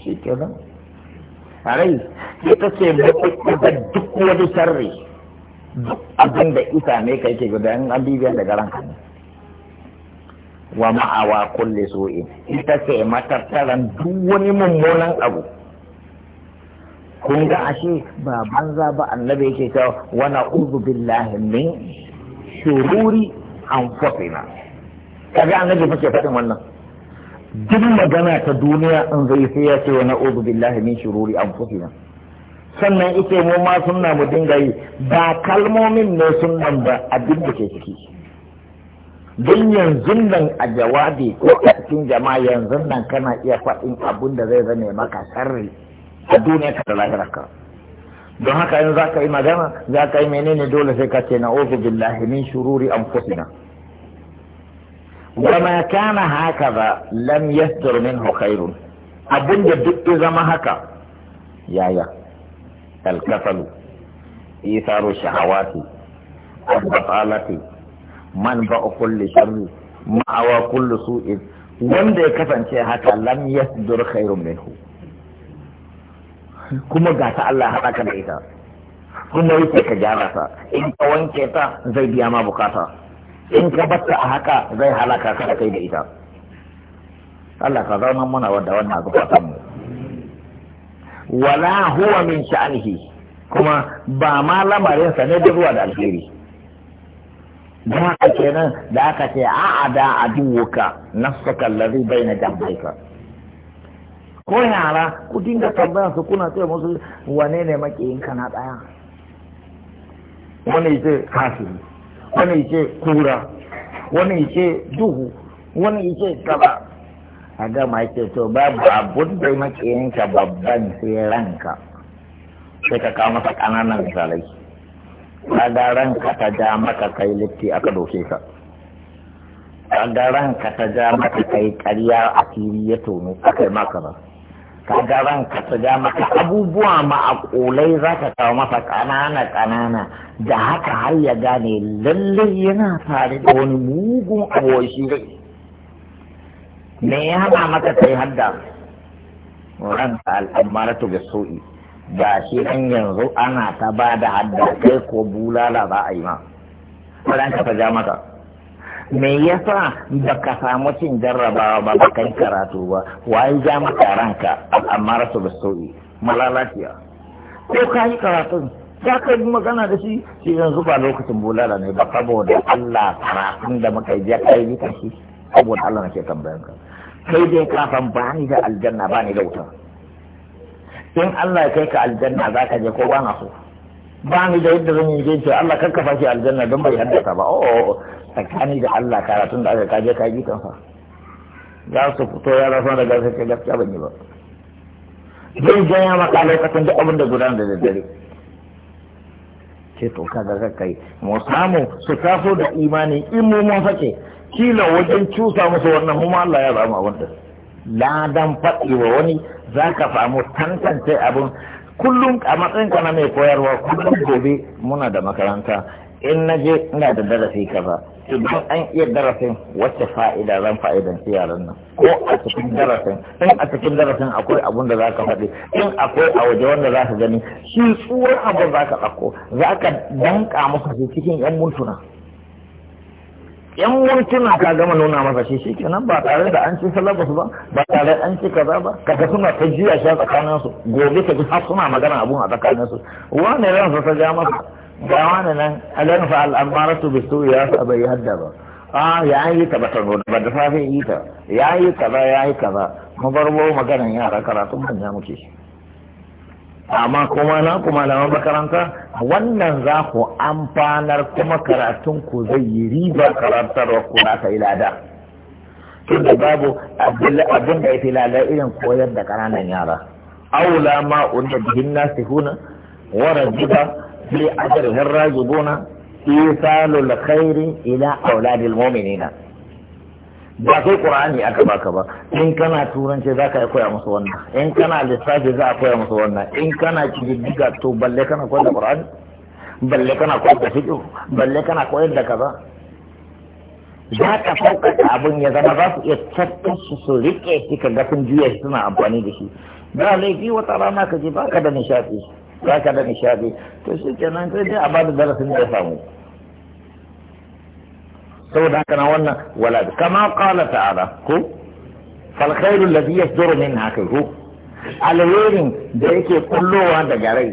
shi kenan rai ita ce da duk wani sharri duk abin da isa ne kai ke guda in an bibiya daga ranka ne wa ma'awa kulli su'in ita ce matattaran duk wani mummunan abu kun ga ashe ba banza ba annabi yake cewa wana uzu billahi min shururi anfusina kaga annabi fa ke faɗin wannan duk magana ta duniya in zai sai ya ce wa na'udhu billahi min shururi fusina sannan ita mu ma sunna mu dinga yi ba kalmomin ne sunnan ba abin da ke ciki don yanzu nan a jawabi ko a cikin jama'a yanzu nan kana iya faɗin abin da zai zame maka sarri a duniya ka da ka don haka yanzu za ka yi magana za ka yi menene dole sai ka ce na'udhu billahi min shururi an fusina وما كان هكذا لم يستر منه خير abin da duk ya zama haka yaya alkasalu isaru shahawati al-batalati man ba kulli sharri ma'awa kulli su'in wanda ya kasance haka lam yasdur khairun minhu kuma ga ta Allah haɗa ka da ita kuma yake ka gyara ta in ka wanke ta zai biya ma bukata in ka batta a haka zai halaka ka da kai da ita Allah ka zama muna wadda wannan abu mu wala huwa min sha'anihi kuma ba ma lamarin sa ne da ruwa da alheri da haka kenan da aka ce a ada aduwuka nafsaka allazi baina jambaika ko yara ku dinga tambaya su kuna ce musu wane ne makiyin kana daya wani ce kafiri wani ce kura wani ce duhu wani ce saba a gama ce to babu abun da maƙiyinka babban sai ranka sai ka kawo masa ƙananan misalai kaga ranka ta ja maka kai litti aka doke ka kaga ranka ta ja maka kai ƙarya a fili ya tono aka yi maka ba ka ga ranka su ga maka abubuwa ma'aƙulai za ka kawo masa ƙanana ƙanana da haka har ya gane lallai yana tare da wani mugun aboki ne, me ya hana maka kai hadda ranka al'amaratu da su'i ba shi ɗan yanzu ana ta ba da hadda kai ko bulala ba a yi ma ranka ta ja maka me yasa baka samu cin jarrabawa ba ba kai karatu ba wai ja maka ranka amma rasu da sauyi malalatiya ko ka yi karatun za ka yi magana da shi shi yanzu ba lokacin bulala ne ba saboda Allah karatun da muka yi ka yi kan shi saboda Allah nake tambayan ka kai dai ka san ba ni da aljanna ba ni da wuta in Allah ya kai ka aljanna za ka je ko ba na so ba ni da yadda zan yi ce Allah kan kafa shi aljanna don bai haddasa ba oh, oh, oh tsakani da Allah karatun da aka kaje ka kan fa za su fito ya rasa daga sai ce gaskiya ban yi ba zai janya maka lokacin da abin da gudanar da daddare ce to ka ga kai mu samu su taso da imani in mu mun sake kila wajen cusa musu wannan mu Allah ya ba mu abin da ladan faɗi wa wani za ka samu tantance abin kullum a matsayin ka na mai koyarwa kullum gobe muna da makaranta in na je ina da darasi kaza idan an iya darasin wacce fa'ida zan fa'idan yaran nan ko a cikin darasin in a cikin darasin akwai abun da zaka faɗi in akwai a waje wanda zaka gani shi tsuwar abin zaka ɗauko zaka danka musu cikin yan mutuna yan mintuna ka gama nuna masa shi nan ba tare da an ci salabas ba ba tare an ci kaza ba kaga suna ta jiya shi a tsakanin su gobe ka ji har suna magana abun a tsakanin su wani ransa ta ja masa ga wani nan alan fa al'amaratu bisu ya sa bai hadda ba a ya yi ta bata nuna ba da safe yi ta ya yi kaza ya yi kaza mu bar magana yara karatun manya muke amma kuma na kuma malaman makaranta wannan za ku amfanar kuma karatun ku zai yi riba karantarwa ku na ta ilada da babu abin da ya fi lada irin koyar da ƙananan yara aula ma unda bihin wara jiba rajida fi ajrihin rajibuna isalul khairi ila auladil mu'minina ba sai qur'ani aka baka ba in kana turanci za ka koya musu wannan in kana lissafi za a koya musu wannan in kana kididdiga to balle kana koyar da qur'ani balle kana koyar da fiqh balle kana koyar da kaza za ka fauka abin ya zama za su iya tattar su su riƙe shi ka ga sun juya shi suna amfani da shi ba laifi wata rana ka ji ba ka da nishaɗi ba ka da nishaɗi to shi kenan sai dai a ba da darasin da ya samu saboda haka na wannan wala kama qala ta'ala ko fal khairu alladhi yasduru min haka ko alherin da yake kullowa daga rai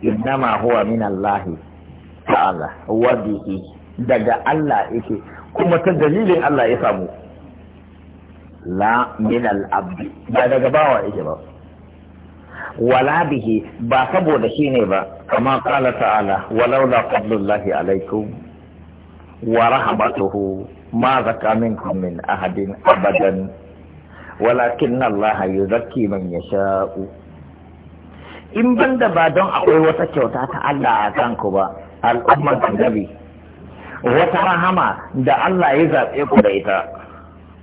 innama huwa min Allah ta'ala wa bihi daga Allah yake kuma ta dalilin Allah ya samu la min al-abd ba daga bawa yake ba wala bihi ba saboda shi ne ba kama qala ta'ala walaula fadlullahi alaikum wa rahmatuhu ma zaka minkum min ahadin abadan walakin Allah yuzakki man yasha'u in banda ba don akwai wata kyauta ta Allah a kanku ba al'umman annabi wata rahama da Allah ya zaɓe ku da ita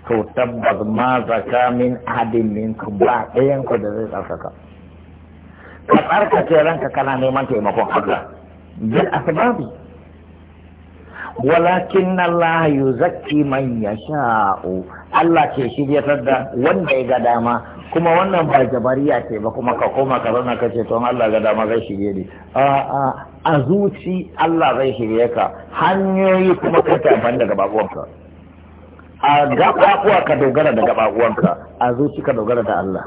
to tabbas ma zaka min ahadin minkum ba ɗayan ku da zai tsarkaka ka tsarkace ranka kana neman taimakon Allah bil asbabi walakin Allah zaki man sha'o. Allah ke shiryatar da wanda ya ga dama kuma wannan ba jabariya ce ba kuma ka koma ka zauna ka ce to Allah ga dama zai shirye ni a a zuci Allah zai shige ka hanyoyi kuma ka ta daga da ka. a gababuwa ka dogara da gababuwanka a zuci ka dogara da Allah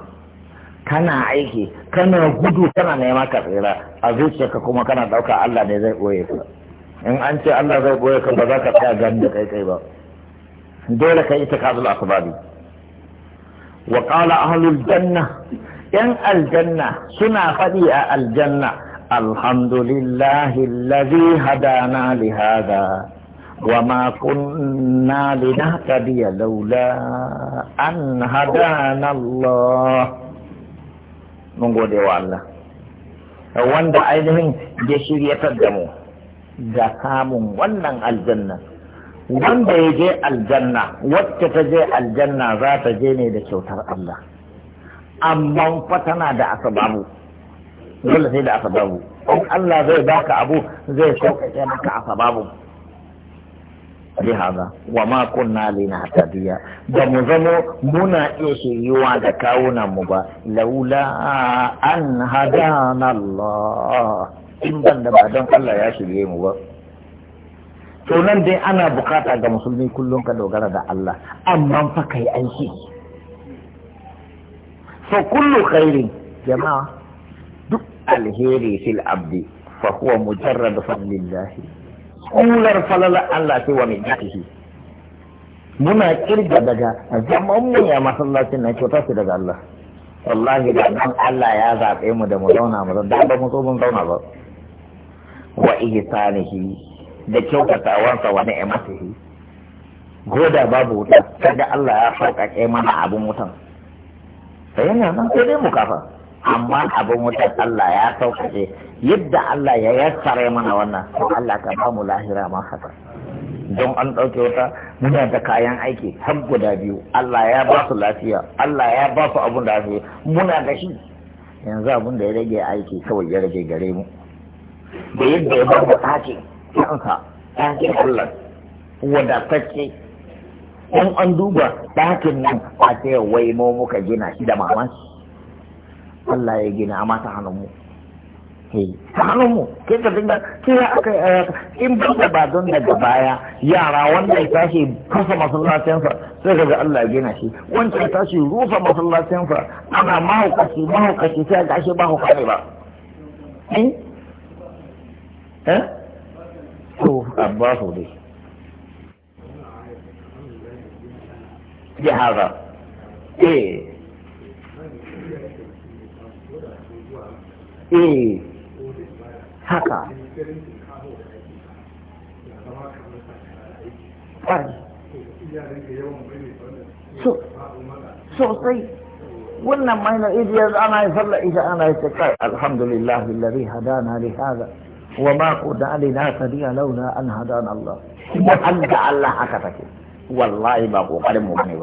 kana aiki kana gudu kana nema ka tsira a zuciyarka kuma kana ɗauka Allah ne zai ɓoye ka in an ce Allah zai goye ka ba za ka tsaya gani da kai kai ba dole ka yi takazul asbabi wa qala ahlul janna yan aljanna suna faɗi a aljanna alhamdulillahi alladhi hadana li hada wa ma kunna linahtadiya laula an hadana Allah mun gode wa Allah wanda ainihin ya shiryatar da mu ga samun wannan aljanna wanda ya je aljanna wacce ta je aljanna za ta je ne da kyautar Allah amma fa tana da asababu dole sai da asababu in Allah zai baka abu zai sauƙaƙe maka asababu lihaza wa ma kunna linahtadiya da mu zamo muna iya shiryuwa da kawunan mu ba laula an hadana Allah in ban da ba don Allah ya shirye mu ba to nan dai ana bukata ga musulmi kullum ka dogara da Allah amma fa kai aiki fa kullu khairi jama'a duk alheri fil abdi fa huwa mujarrad fadlillah kullar falala Allah ce wa min muna kirga daga zaman mu ya masallacin na kyauta su daga Allah wallahi da Allah ya zaɓe mu da mu zauna mu zauna da ba mu so mun zauna ba wa ihsanihi da kyautatawansa wa ni'matihi goda babu wuta kaga Allah ya sauƙaƙe mana abin wutan yana nan sai dai mu kafa amma abin wutan Allah ya sauƙaƙe yadda Allah ya yassare mana wannan to Allah ka ba mu lahira ma haka don an ɗauke wuta muna da kayan aiki har guda biyu Allah ya ba su lafiya Allah ya ba su abin da muna da shi yanzu abin da ya rage aiki kawai ya rage gare mu da yadda ya bar da ɗakin kansa ke Allah wadatacce in an duba ɗakin nan a ce wai mu muka gina shi da mamaki Allah ya gina amma ta mu. Eh, ta mu ke ka dinga ke ya aka eh, in ba da ba don daga baya yara wanda ya tashi kasa masallacinsa sai ka ga Allah ya gina shi wancan ya tashi rufa masallacinsa ana mahaukaci mahaukaci sai ga shi ba hukari ba eh? ها هو عباس ودي دي هذا ايه ايه هكا سوسي طيب. وانا ما انا اذا انا يصلى اذا انا يتكاي طيب. الحمد لله الذي هدانا لهذا وما كنا لنا سبيل لولا أن هدانا Allah وأنت an da Allah haka take wallahi ba kokarin mu ne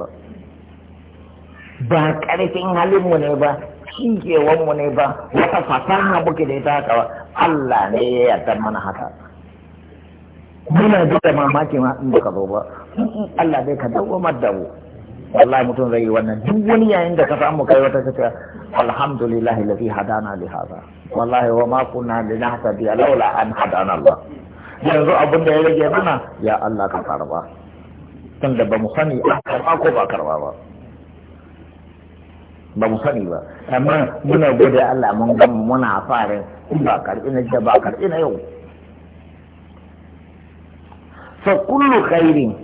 ba mu ne ba wata fasaha ke da ita haka Allah ne ya yarda mana haka muna da mamaki ma in baka zo ba Allah dai ka dawo maddawo wallahi mutum zai yi wannan duk wani yayin da ka samu kai wata kace alhamdulillah alladhi hadana li hadha wallahi wa ma kunna linahtadi laula an hadana Allah yanzu abin da ya rage mana ya Allah ka karba tunda ba mu sani an karba ko ba karba ba ba mu sani ba amma muna gode Allah mun ga muna in ba karbi na jaba karbi na yau fa kullu khairin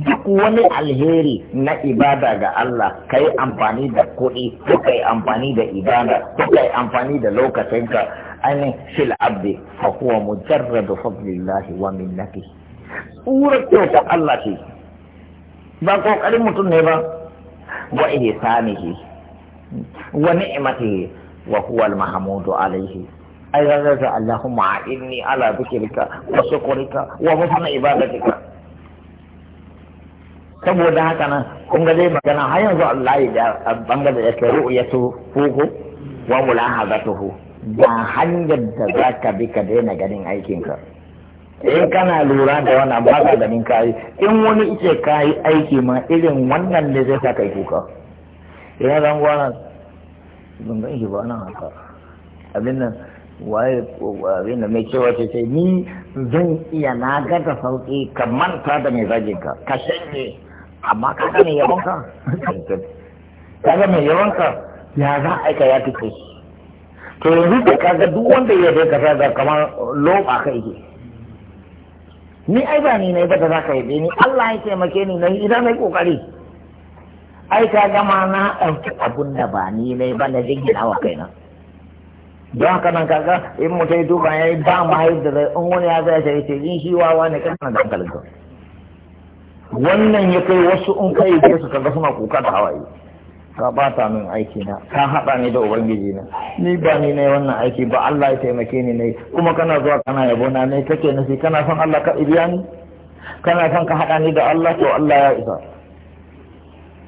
duk wani alheri na ibada ga Allah ka yi amfani da kuɗi ko ka yi amfani da ibada ko ka yi amfani da lokacinka ainihin fil abdi fa huwa mujarradu fadlillahi wa minnati tsura kyauta Allah ce ba kokarin mutum ne ba wa ihsanihi wa ni'matihi wa huwa al-mahmudu alaihi ai zaka Allahumma inni ala dhikrika wa shukrika wa husni ibadatika saboda haka nan kun ga zai magana har yanzu Allah ya da bangare da ke ru'yatu fuku wa mulahazatuhu da hanyar da za ka bi ka daina ganin aikinka in kana lura da wannan ba ka ganin kayi in wani ice kayi aiki ma irin wannan ne zai sa kai kuka ina zan gwana mun ga ba nan haka abin nan waye abin nan mai cewa ce ni zan iya na ga da sauki ka manta da mai zagin ka ka shanye amma ka ga mai yabon ka ka ga mai yabon ka ya za a aika ya tuke to yanzu da ka ga duk wanda ya bai kasa da kamar loba kai ke. ni ai ba ni ne ba da za ka yi ni Allah ya taimake ni nayi idan mai kokari ai ka gama na ɗauki abun da ba ni nayi ba na jingina wa kaina don haka nan kaga in mutai duba yi ba ma yadda in wani ya zai ce in shi wawa ne na da hankalin wannan ya kai wasu in kai ke su kaga suna kuka da hawaye ka bata min aiki na ka haɗa ni da ubangiji na ni ba ni ne wannan aiki ba Allah ya taimake ni ne kuma kana zuwa kana yabo na ne kake nasi kana son Allah ka ibiya ni kana son ka haɗa ni da Allah to Allah ya isa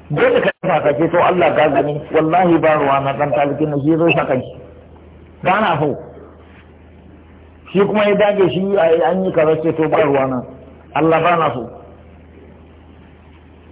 dole ka ka ce to Allah ka gani wallahi ba ruwa na dan talikin shi zo sa shi kana ho shi kuma ya dage shi an yi kaza ce to ba ruwa na Allah ba na so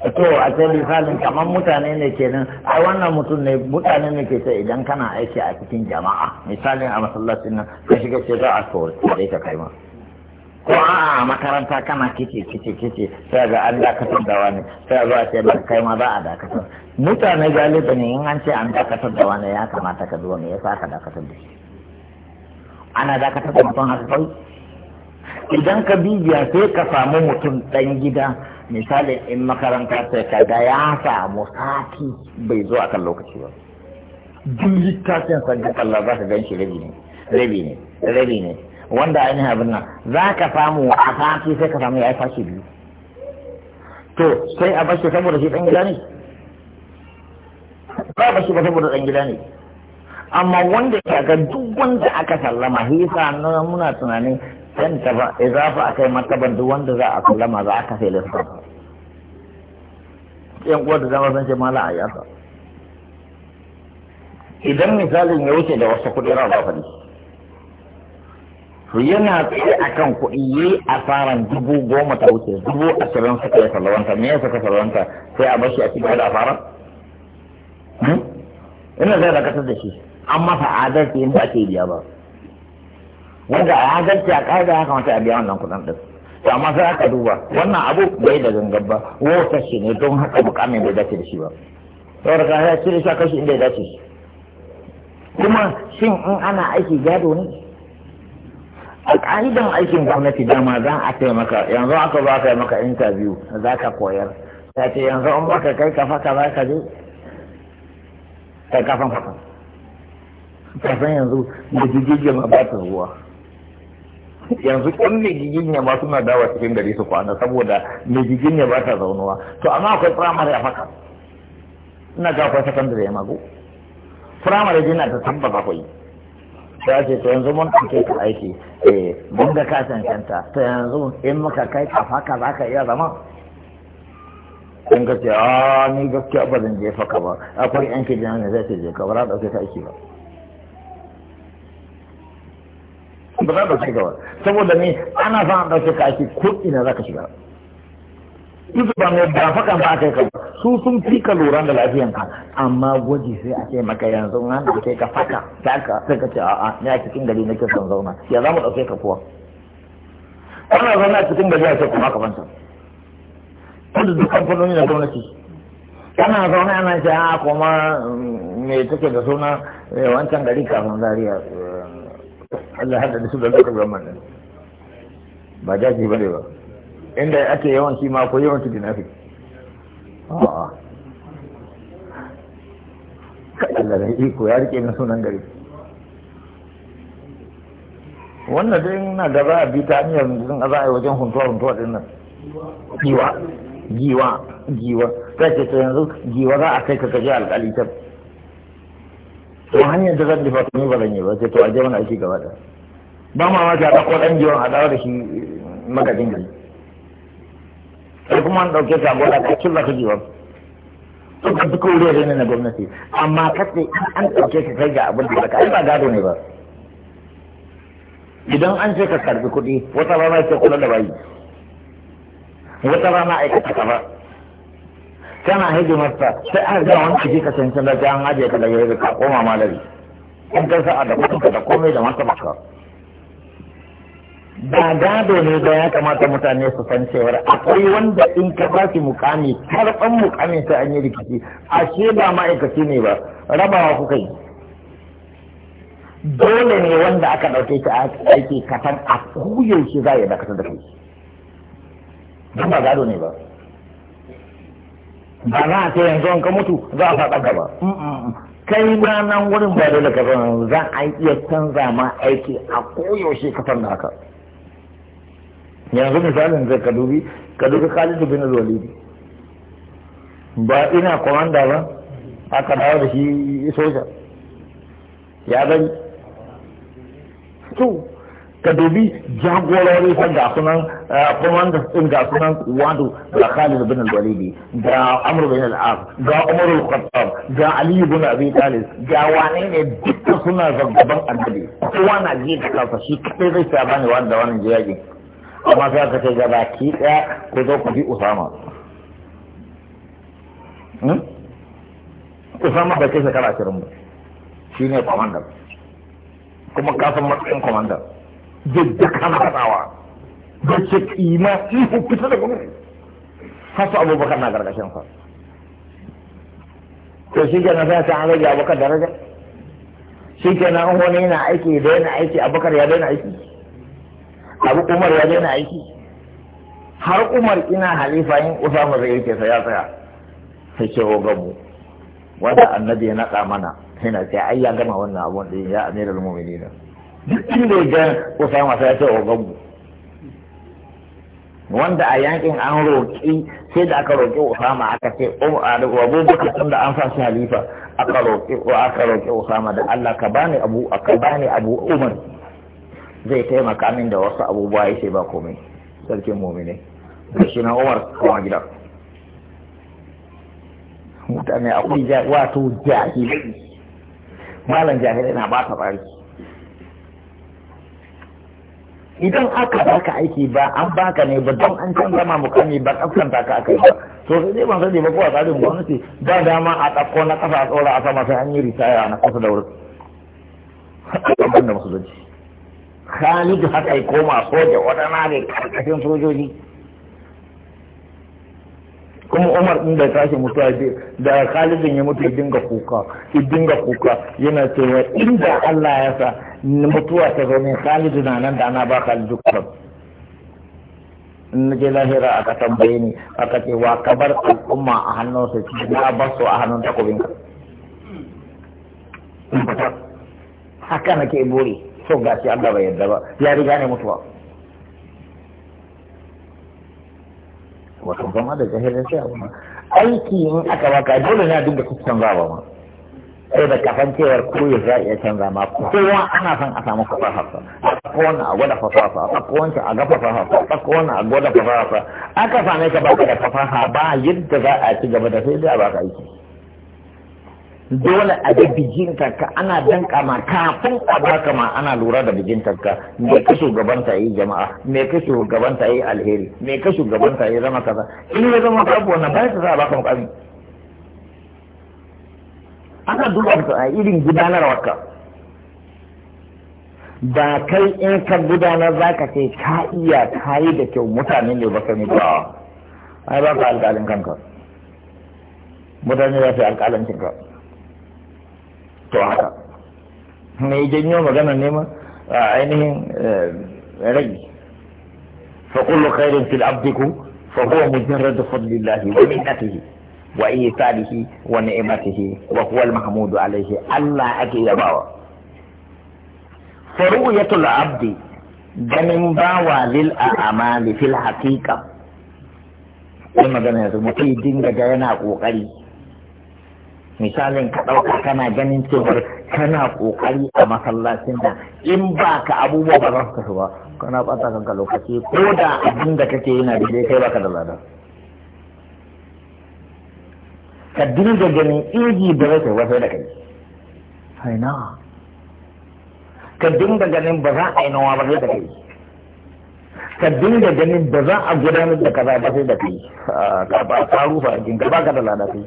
to a ce misalin kamar mutane ne kenan a wannan mutum ne mutane ne ke ce idan kana aiki a cikin jama'a misalin a masallacin nan ka shiga ce za a kore sai ka kai ma ko a makaranta kana kice kice kice sai ga an dakatar da wani sai zuwa ce ba kai ma za a dakatar mutane galiba ne in an ce an dakatar da wani ya kamata ka ne ya sa ka dakatar da shi ana dakatar da mutum haka kawai idan ka bibiya sai ka samu mutum dan gida misalin in makaranta sai kaga ya samu sati bai zo akan lokaci ba duk littafin san duk Allah za ka gan shi rabi ne rabi ne rabi ne wanda ainihin abin nan za ka samu a sati sai ka samu ya fashi biyu to sai a bashi saboda shi dan gida ne ba bashi ba saboda dan gida ne amma wanda ya ga duk wanda aka sallama hisa na muna tunanin yan ta ba izafa akai martaban duk wanda za a ma za a kafe lissafa yan kuwa da zama san ce mala a yasa idan misalin ya wuce da wasu kuɗi rawa ba faɗi to yana tsaye a kan kuɗi ya yi asaran dubu goma ta wuce dubu ashirin suka yi salawanta me ya suka salawanta sai a bashi a cikin da asaran hmm? ina zai rakatar da shi an masa adalci yadda ake biya ba wanda a adalci a ƙa'ida ya kamata a biya wannan kuɗin ɗin to amma sai aka duba wannan abu bai da gangan ba wata shi ne don haka mukamin bai dace da shi ba saboda ka ya ce shi kashi inda ya dace shi kuma shin in ana aiki gado ne a ƙa'idan aikin gwamnati dama za a taimaka yanzu aka aka yi maka interview za ka koyar ta ce yanzu an baka kai kafa ka za ka je kai kafan kafa kafan yanzu da jijiyar ma ba ta ruwa yanzu ɗan mai ya ma suna dawa cikin gari su kwana saboda mai ya ba ta zaunuwa to amma akwai firamare a faka ina ga akwai sakandare ya mago firamare na ta tabbata akwai ta ce to yanzu mun ɗauke ka aiki eh mun ga kasan kanta to yanzu in muka kai ka faka za ka iya zama in ka ce a ah, ni gaskiya ba zan je faka ba akwai yanki da ne zai ce je ka ba za ɗauke ka aiki ba ba za ka shiga ba saboda ne ana fa a ɗauke ka ake ko ina za ka shiga Isu ba mai ba fakan ba kai ka su sun fi ka lura da ka amma gwaji sai a ce maka yanzu an kai ka faka daga ka sai ka ce a'a ni a cikin gari nake son zauna ya za mu dauke ka kuwa ana zauna a cikin gari a ce kuma ka fanta wanda duk kamfanoni na gwamnati ana zaune ana ce a kuma mm, me take da suna eh, wancan gari kafin zariya eh, Allah hada da su da lokacin zaman nan ba jaji bane ba inda ake yawan shi ma ko yawanci dinafi a'a Allah da iko ya rike na sunan gari wannan dai na gaba a bi ta hanyar zan za a yi wajen huntuwa huntuwa din nan giwa giwa giwa ta ce ta yanzu giwa za a kai ka gaji alƙalitar to hanyar da zan dafa kuma ba zan yi ba sai to a je wani aiki gaba da ba ma ma ta ko dan jiwon a dawo da shi magajin gari sai kuma an ɗauke ta gona ta cilla ta jiwon to ka duka wuri ne na gwamnati amma kace an ɗauke ka kai ga abin da ka ai ba gado ne ba idan an ce ka karbi kuɗi wata rana ce kula da bayi wata rana aikata ka ba kana hidimarsa sai an ga wani ciki ka san da an aje ka daga ka koma malami in ka a da da komai da masa maka ba gado ne da ya kamata mutane su san cewar akwai wanda in ka ba shi mukami karɓan mukami sai an yi rikici ashe ba ma'aikaci ne ba rabawa kuka yi dole ne wanda aka ɗauke shi aiki kasan a koyaushe za ya dakatar da kai don ba gado ne ba ba za a ce yanzu an ka mutu za a faɗa gaba kai ma nan wurin ba dole ka zama za a iya canza ma aiki a koyaushe ka san haka yanzu misalin zai ka dubi ka dubi Khalid bin ba ina komanda ba aka dawo da shi soja ya bari ka dobi jagorori fa ga sunan eh, da sun ga sunan wadu da Khalid bin al-Walid da Amr bin al-As da Umar al-Khattab da Ali bin Abi Talib ga wani ne dukkan suna gaban annabi kowa na ji da kansa shi kai zai sa bani wanda wannan jiyaji amma sai ka ce gaba ki da ko zo ku bi Usama hmm? Usama bai kai shekara 20 ba shine commander kuma kasan matsayin commander yadda kana haɗawa da ce kima ihu fita da gudu hasu abubakar na gargashin sa to shi na sa ta an abubakar daraja shi ke na wani yana aiki da yana aiki abubakar ya daina aiki abu umar ya daina aiki har umar ina halifa yin usama zai yake sa ya tsaya sai ce o gamu wanda annabi ya naɗa mana yana ce ai ya gama wannan abun din ya amirul mu'minin duk inda ya ga Usama sai ya ce ogangu oh, wanda a yankin an roƙi sai da aka roƙi Usama aka ce oh, Abubakar tun da an fashi halifa aka roƙi aka roƙi Usama da Allah ka bani Abu aka bani Abu Umar zai taimaka min da wasu abubuwa yace ba komai sarkin mu'mini da shi na Umar kuma gida mutane akwai wato jahilai malam jahilai na ba ta bari idan aka baka aiki ba an baka ne ba don an canza ma mukami ba ta ka aka ba to sai dai ban sani ba ko a tsarin gwamnati ba dama a tsakko na ƙasa a tsora a sama sai an yi ritaya na ƙasa da wurin ban da musulunci Khalidu haka ya koma soja wadana ne karkashin sojoji kuma umar din da tashi mutuwa da khalidin ya mutu ya dinga kuka ya dinga kuka yana cewa inda Allah ya sa mutuwa ta zo min khalidu na nan da ana ba khalidu kuram in je lahira aka tambaye ni aka ce wa kabar al'umma a hannun su ci na ba su a hannun takobin ka haka nake buri so gashi Allah bai yarda ba ya riga ne mutuwa wato zama da jahilin sai abu aiki in aka baka dole ne a dinga canzawa ma sai da kafan cewar ya za iya canza ma kowa ana son a samu fasaharsa a kowane a gwada fasaharsa a kowane a ga fasaharsa a kowane a gwada fasaharsa aka same ka baka da fasaha ba yadda za a ci gaba da sai dai a baka aiki dole a ga bijintarka ana danka ma kafin a baka ma ana lura da bijintarka me ka ta yi jama'a me ka ta yi alheri me ka ta yi zama kaza in ya zama babu wannan ba ta sa baka mukami ana duba ta a irin ka ba kai in ka gudanar za ka ce ka iya ka yi da kyau mutane ne ba ka ba ai ba ka alƙalin kanka mutane za su yi alƙalancin kanka to haka mai janyo magana neman ainihin rai fa kullu khairin fil abdiku fa huwa mujarrad fadlillahi wa minnatihi wa ihsanihi wa ni'matihi wa huwa al mahmudu alayhi Allah ake yabawa fa ru'yatul abdi ganin bawa lil a'mali fil haqiqa sai magana yanzu mutum dinga ga yana kokari misalin ka ɗauka kana ganin cewar kana ƙoƙari a masallacin da in ba ka abubuwa ba za su kasu ba kana ɓata kanka lokaci ko da abin da kake yana daidai kai baka da lada ka dinga ganin iji ba zai kai wasu da kai haina ka dinga ganin ba za a yi nawa ba zai da kai ka dinga ganin ba za a gudanar da kaza ba sai da kai ka ba ka rufa a jinka ba ka da lada kai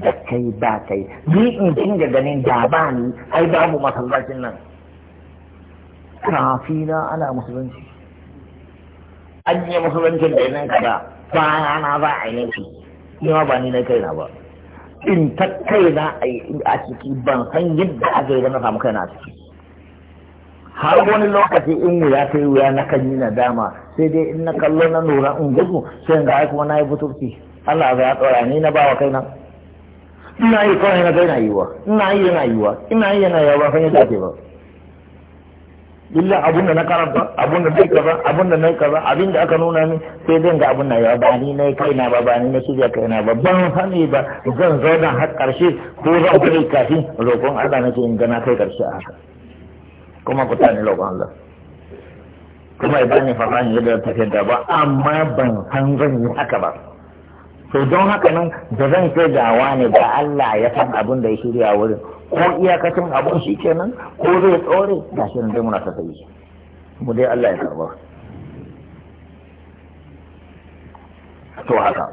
da kai ba kai ni in dinga ganin da ba ni ai babu masallacin nan kafina ana musulunci an yi musuluncin da izin kada baya na ba a yi ni ma ba ni na kai na ba in ta kai na a ciki ban san yadda aka yi na samu kai na ciki har wani lokaci in wuya ta wuya na kan yi nadama sai dai in na kallo na nura in gudu sai ga kuma na yi butulci Allah ya tsora ni na ba wa kai nan ina yi kawai na gaina yiwa ina yi yana yiwa ina yi yana yawa kan yadda ake ba illa abunda na karanta abunda da kaza abunda da nai kaza abinda aka nuna ni, sai zan ga abun yawa ba ni nai na ba ba ni na shirya na ba ban sani ba zan zauna har karshe ko zan kai kafin roƙon Allah nake in gana kai karshe a haka kuma ku tani roƙon Allah kuma ya bani fasani yadda ta da ba amma ban san zan yi haka ba to don haka nan da zan kai gawa ne da Allah ya san abin da ya shirya wurin ko iyakacin abun shi kenan ko zai tsore ga shi dai muna tafi mu dai Allah ya karba to haka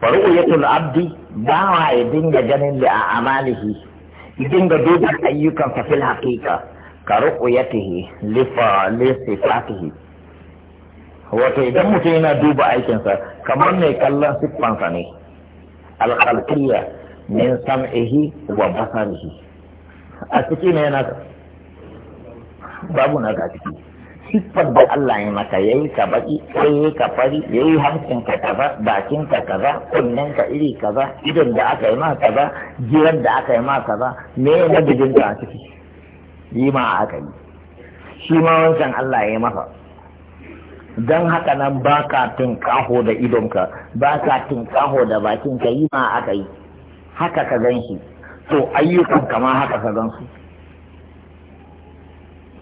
faru'yatul abdi wa idin dinga ganin da a amalihi idin dinga duba ayyukan fil haqiqa ka ru'yatihi li sifatihi wato idan mutum yana duba aikinsa kamar mai kallon siffansa ne alkalkiya min sam'ihi wa basarihi a ciki ne yana babu na ga ciki siffar da Allah ya maka yayi ka baki yayi ka fari yayi hancin ka kaza bakin ka kaza kunnen ka iri kaza idan da aka yi ma kaza jiran da aka yi ma kaza me ne bijin ka ciki yi ma aka yi shi ma wancan Allah ya yi masa don haka nan ba ka kaho da idonka ba ka kaho da bakinka yi ma aka yi haka ka gan shi to ayyukan kama haka ka gan su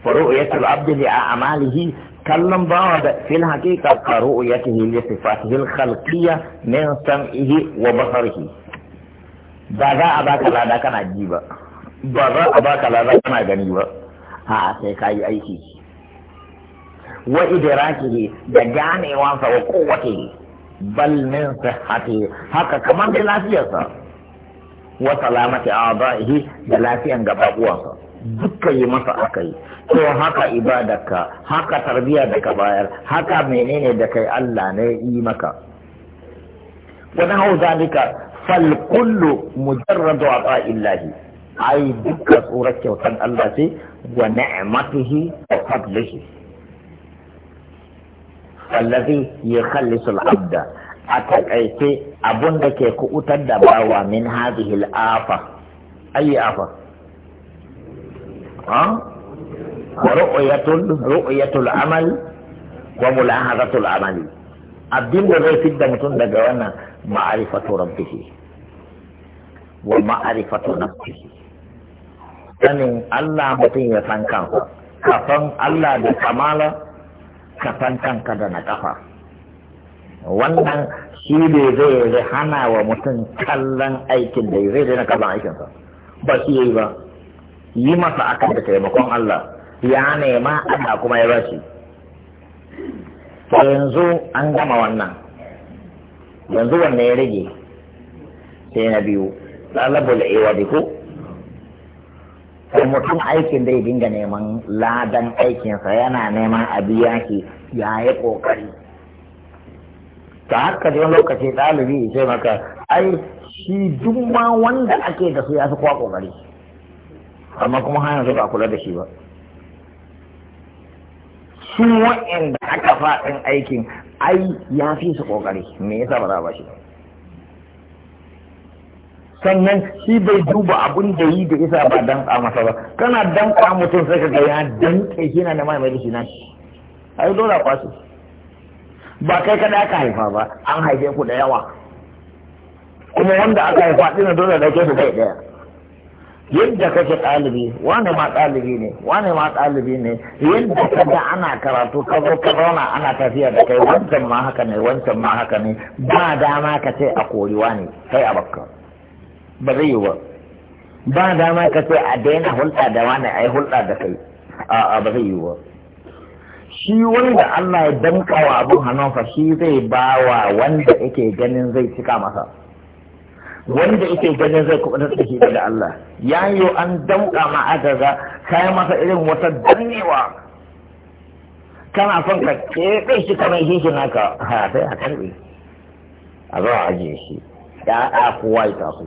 ce abdi li a'malihi kallon bawa da fil haqiqa faru'yatihi li sifatihi al-khalqiyya min sam'ihi wa basarihi ba za a baka lada kana ji ba ba za a baka lada kana gani ba a sai ka yi aiki wa idrakihi da ganewansa wa kowace bal min sihhati haka kamar da lafiyarsa wa salamati a'dahi da lafiyan gababuwansa duka yi masa akai to haka ibadarka haka tarbiyya da ka bayar haka menene da kai Allah ne yi maka wani hau zalika fal kullu mujarradu ata illahi ai duka tsoron kyautan Allah ce wa ni'matihi wa fadlihi allazi yukhallisu al-abda a takaice abun da ke kubutar da bawa min hadhihi al-afa ayi afa ha ru'yatul ru'yatul amal wa mulahadatul amali abin da zai fidda mutum daga wannan ma'arifatu rabbihi wa ma'arifatu nafsihi sanin Allah mutum ya san kansa kafan Allah da kamala Kafan kanka da na kafa wannan shi ne zai hana wa mutum kallon aikin da zai na kallon aikinsa ba shi yi ba yi masa akan da taimakon Allah ya nema Allah kuma ya bashi yanzu an gama wannan yanzu wanne ya rage sai na biyu ɗalabul iwadi ko sai mutum aikin zai dinga neman ladan aikinsa yana neman a biya shi ya yi ƙoƙari ta haka dai lokaci ɗalibi ya ce maka ai shi duk ma wanda ake da su ya fi kwa ƙoƙari amma kuma hanyar zuba ba kula da shi ba su da aka faɗin aikin ai ya fi su ƙoƙari me yasa ba za ba shi ba sannan shi bai duba abun da yi da isa ba dan masa ba kana danka mutum sai ka ga ya danke gina na mai mai shi nan ai dole a ba kai kaɗai aka haifa ba an haife ku da yawa kuma wanda aka haifa dina dole da ke su kai daya yadda kake ɗalibi wane ma ɗalibi ne wane ma ɗalibi ne yadda ka ga ana karatu ka zo ka zauna ana tafiya da kai wancan ma haka ne wancan ma haka ne ba dama ka ce a koriwa ne kai a bakka ba zai yi ba ba dama ka ce a daina hulɗa da wani a yi hulɗa da kai a ba zai yi ba shi wanda Allah ya danka wa abin hannunsa shi zai ba wa wanda yake ganin zai cika masa wanda yake ganin zai kuɓa da shi da Allah ya yi an danka ma agaza kai masa irin wata danewa kana son ka keɓe shi kamar shi shi naka ha sai a karɓe a zo a ajiye shi ya a kowa ya taso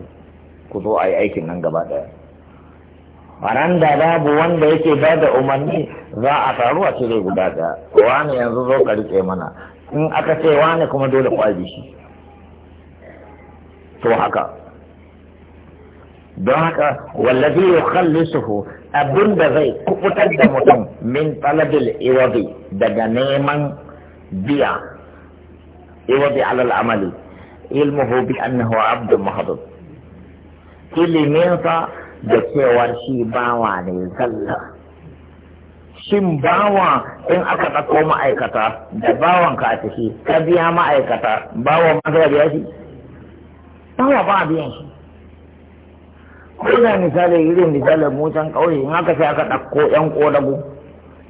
ku zo a yi aikin nan gaba ɗaya a nan da babu wanda yake ba da umarni za a taru a cire guda ɗaya wani yanzu zo ka riƙe mana in aka ce wani kuma dole kwaji shi to haka don haka wallazi yukhallisuhu abinda zai kubutar da mutum min talabil iwabi daga neman biya iwabi alal amali ilmuhu bi annahu Abdul mahdud iliminsa da cewar shi bawa ne zalla shin bawa in aka ɗauko ma'aikata da bawan ka a ciki ka biya ma'aikata bawan ma zai biya shi bawa ba a biyan shi kuna misali irin misalin mutan ƙauye in aka sai aka ɗauko ƴan ƙodago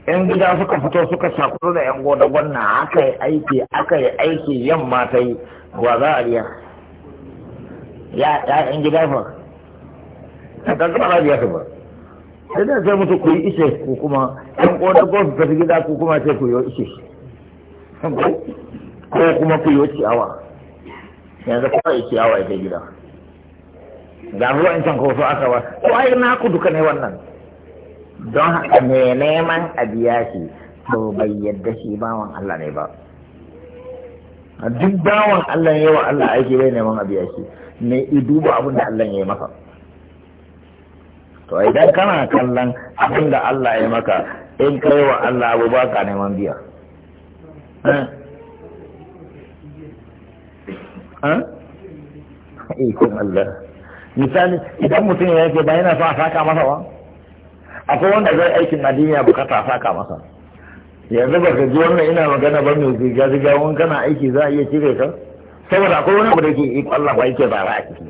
yan gida suka fito suka shakuru da yan goda na aka yi aiki aka yi aiki yamma ta yi wa za a biya ya yan gida fa ka tsara biya ka ba sai da sai mutu kuyi yi ishe ko kuma ɗan ƙoda ko su tafi gida ko kuma sai ku yi ishe ko kuma ku yi ciyawa yanzu kuma yi ciyawa ya gida ga ruwan can ko su aka ba ko ai na ku duka ne wannan don haka ne neman a biya shi to bai yadda shi bawan Allah ne ba duk bawan Allah yawa Allah aiki bai neman a biya shi ne i duba abin da Allah ya yi masa to idan kana kallon abin da Allah ya maka in kai wa Allah abu ba ka neman biya eh? Eh? ikon Allah misali idan mutum ya yake ba yana so a saka masa ba akwai wanda zai aikin addini bukata a saka masa yanzu ba ka ji wannan ina magana ba mai ziga ziga wani kana aiki za a iya cire ka saboda akwai wani abu da ke ikon Allah ba yake ba a ciki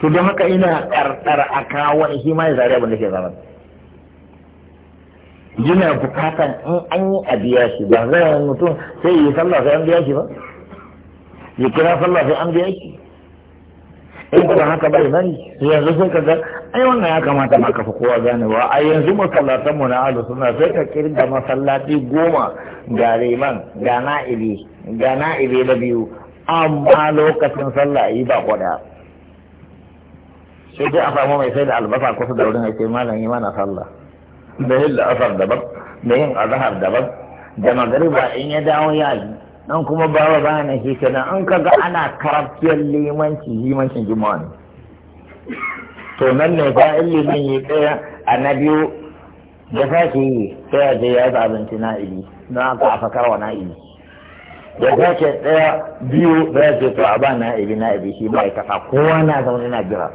to don haka ina karkar a kawo shi ma ya zari abin da ke zama yana bukatan in an yi a biya shi ba zai mutum sai yi sallah sai an biya shi ba ya kira sallah sai an biya shi in kuma haka bai bari yanzu sai ka ga ai wannan ya kamata ma kafa kowa ba. a yanzu masallatanmu na alu suna sai ka kirga masallati goma ga liman ga na'ibi ga na'ibi na biyu amma lokacin sallah yi ba kwada sai dai a samu mai sai da albasa kusa da wurin ake malam yi mana sallah da yin la'asar daban da yin azahar daban da magariba in ya dawo ya yi nan kuma bawa baya na shi kenan an ka ga ana karafiyar limanci limancin juma'a ne to nan ne fa in liman yi tsaya a na biyu da sake yi sai a je ya yi abinci na ili na aka a fakar wa na ili da sake tsaya biyu da ya ce to a ba na ili na ili shi ma'aikata kowa na zaune na jira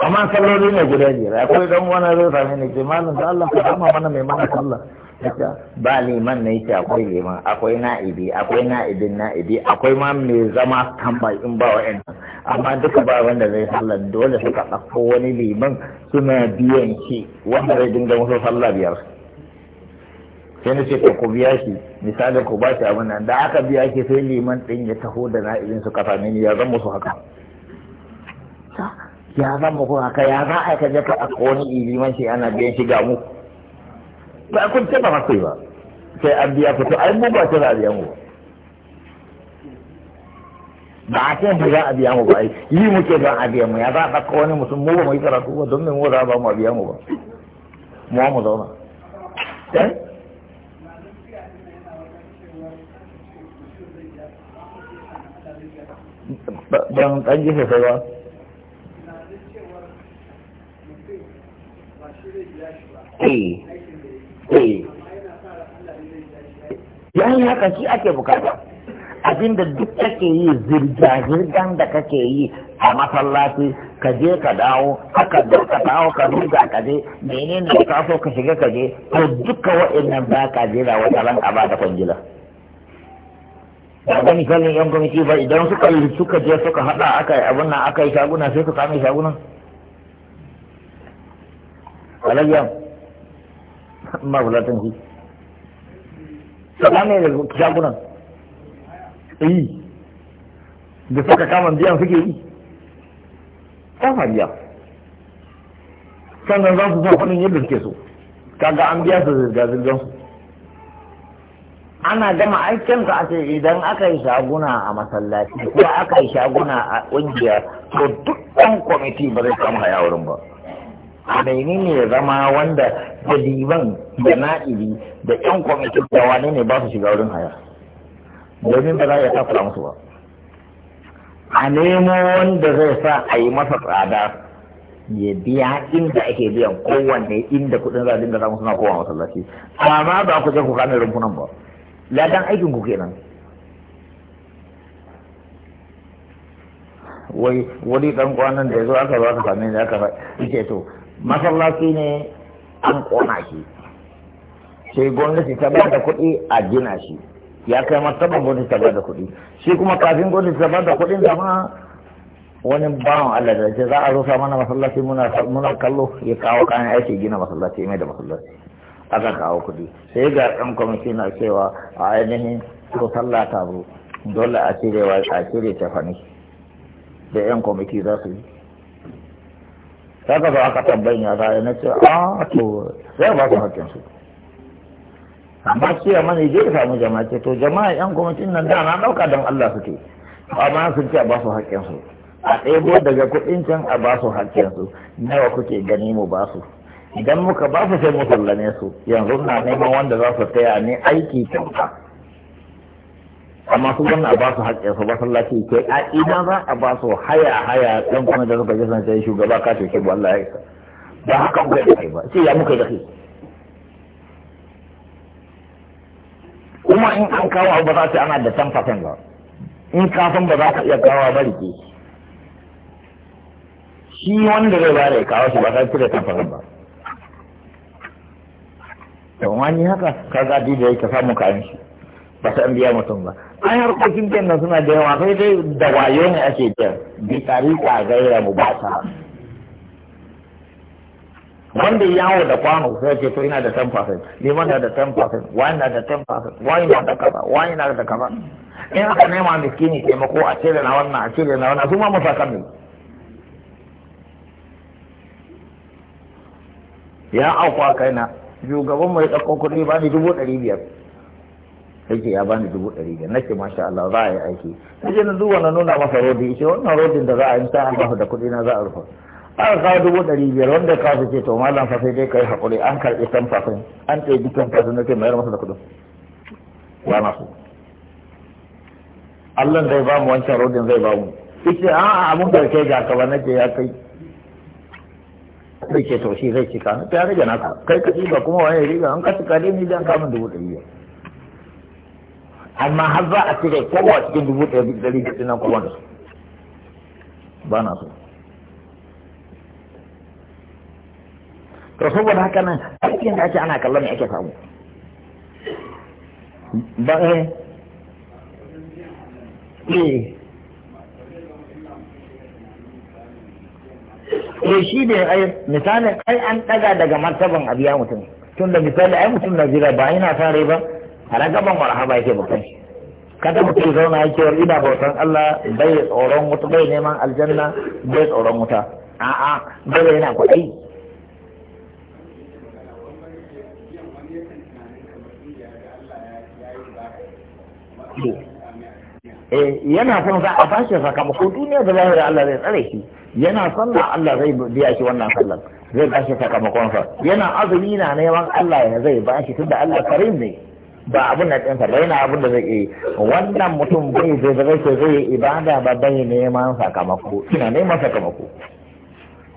amma salloli ne guda biyar akwai dan wani zai sami ne ce malam ta Allah ka kama mana mai mana sallah yace ba liman ne yake akwai liman akwai na'ibi akwai na'ibin na'ibi akwai ma mai zama ba in ba wa wa'in amma duka ba wanda zai sallah dole suka ɗauko wani liman suna biyan shi wanda zai dinga musu sallah biyar sai na ce ku biya shi misali ku ba shi abin nan da aka biya shi sai liman ɗin ya taho da na'ibin suka sami ni ya zama musu haka ya zan mu kuma ka ya za a ka je ka aka wani shi ana biyan shi ga mu ba kun taba masa ba sai an biya ku to ai mu ba a za a biya mu ba a kan za a biya mu ba ai yi muke don a biya mu ya za a ɗauka wani mutum mu ba mu yi karatu ba don me mu za a ba mu a biya mu ba mu mu zauna eh? ban ɗan jihar sai ba eh eh haka shi ake bukata abinda duk kake yi zirga-zirgan da kake yi a masallaci ka je ka dawo haka da ka dawo ka duba ka je menene ka so ka shiga ka je to duka wa'annan ba ka je da wata ran ka ba da kwangila ba gani kallon yan kwamiti ba idan suka suka je suka hada aka yi abun nan aka yi shaguna sai su kame shagunan alayyan ba bulatan shi ne da shagunan yi da suka kama biyan suke yi ta fariya sannan za su sa kudin yadda suke so kaga an biya su zirga-zirgan su ana gama aikin ka ce idan aka yi shaguna a masallaci ko aka yi shaguna a ƙungiya to dukkan kwamiti ba zai kama ya wurin ba menene ya zama wanda da liban da na'ibi da yan kwamitin da wani ne ba su shiga wurin haya domin ba za a iya fara musu ba a nemo wanda zai sa a yi masa tsada ya biya inda ake biyan kowanne inda kuɗin za a dinga samu suna kowa masallaci amma ba ku je ku kame rumfunan ba ladan aikin ku kenan wai wani dan kwanan da ya zo aka ba ka same ni aka ce to masallaci ne an kona shi sai gwamnati ta ba da kuɗi a gina shi ya kai martaban gwamnati ta ba da kuɗi shi kuma kafin gwamnati ta ba da kuɗin da ma wani bawan Allah da ce za a rusa mana masallaci muna kallo ya kawo kayan aiki gina masallaci mai da masallaci aka kawo kuɗi sai ga ɗan kwamiti na cewa a ainihin ko sallah ta zo dole a cire a cire tafani da ƴan kwamiti za su yi ta ka zo aka tambayin ya zai na ce a ah, to zai ba su hakkin su amma ce amma mani je samu jama'a ce to jama'a yan gwamnatin nan da na dauka don Allah suke amma sun ce a ba su hakkin su a ɗebo daga kuɗin can a ba su hakkin su nawa kuke gani mu ba su idan muka ba su sai mu sallame su yanzu na neman wanda za su taya ne aiki kyauta amma su wannan a ba su haƙƙin su masallaci kai a ina za a ba su haya haya ɗan kuma da suka jisan sai shugaba ka ce ke wallahi ba haka muka da kai ba sai ya muka da kai kuma in an kawo abu za ta ana da tan ba in ka san ba za ka iya kawo ba rike shi wanda zai bada ya kawo shi ba ka cire da fatan ba to wani haka ka ga da yake samu kayan shi ba ta biya mutum ba an harkokin biyan nan suna da yawa sai dai da wayo ne ake biyan bi tarika gaira mu ba ta wanda yawo da kwano sai ce to ina da 10% ni wanda da 10% wani na da 10% wani na da kaza wani na da kaza in aka nema miskini taimako a cire na wannan a cire na wannan su ma mutakan ne ya auka kaina shugaban mai ɗauko kuɗi ba ni dubu ɗari biyar sai ce ya bani dubu ɗari da nake masha Allah za a yi aiki sai ce na zuwa na nuna masa rodi ce wannan rodin da za a yi ta bahu da kuɗi na za a rufa an kawo dubu ɗari biyar wanda ka su ce to malam fa sai dai kai haƙuri an karɓi san fafin an ɗaya dukkan fafin na ce mayar masa da kuɗin ya su Allah zai ba mu wancan rodin zai ba mu ita a'a mun karke ga ka ba nake ya kai zai ce to shi zai cika na ta rage ka kai ka ba kuma wani riga an ka cika ne ni dan kamun dubu ɗari biyar amma har za a cire kowa cikin dubu ɗaya duk dari da tsinan kowa da su ba na so to saboda haka nan aikin da ake ana kallon me ake samu ba eh eh, eh shi ne ai misalin kai an ɗaga daga martaban abiya mutum tun da misali ai mutum na jira ba yana sa ba ragaban marhaba yake mutum. shi kada mutum zauna yake war ina bautan Allah bai tsoron wuta bai neman aljanna bai tsoron wuta a'a dole yana kuɗi eh, yana son za a bashi sakamako duniya da zahiri Allah zai tsare shi yana son da Allah zai biya shi wannan sallar zai bashi sakamakonsa yana azumi na neman Allah ya zai bashi tunda Allah karim ne ba abun na ɗinsa ba yana abun da zai yi wannan mutum bai zai zai ce zai yi ibada ba bai neman sakamako ina neman sakamako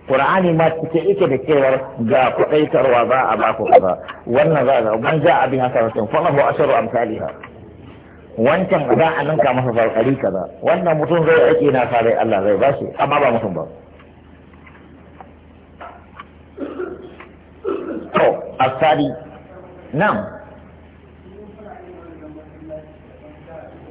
Qur'ani ma cike yake da cewar ga kuɗaitarwa za a ba ku kaza wannan za a ban ja abin hasaratin falahu asharu amsalha wancan za a ninka masa farkari kaza wannan mutum zai aiki na sare Allah zai ba shi amma ba mutum ba to asali nan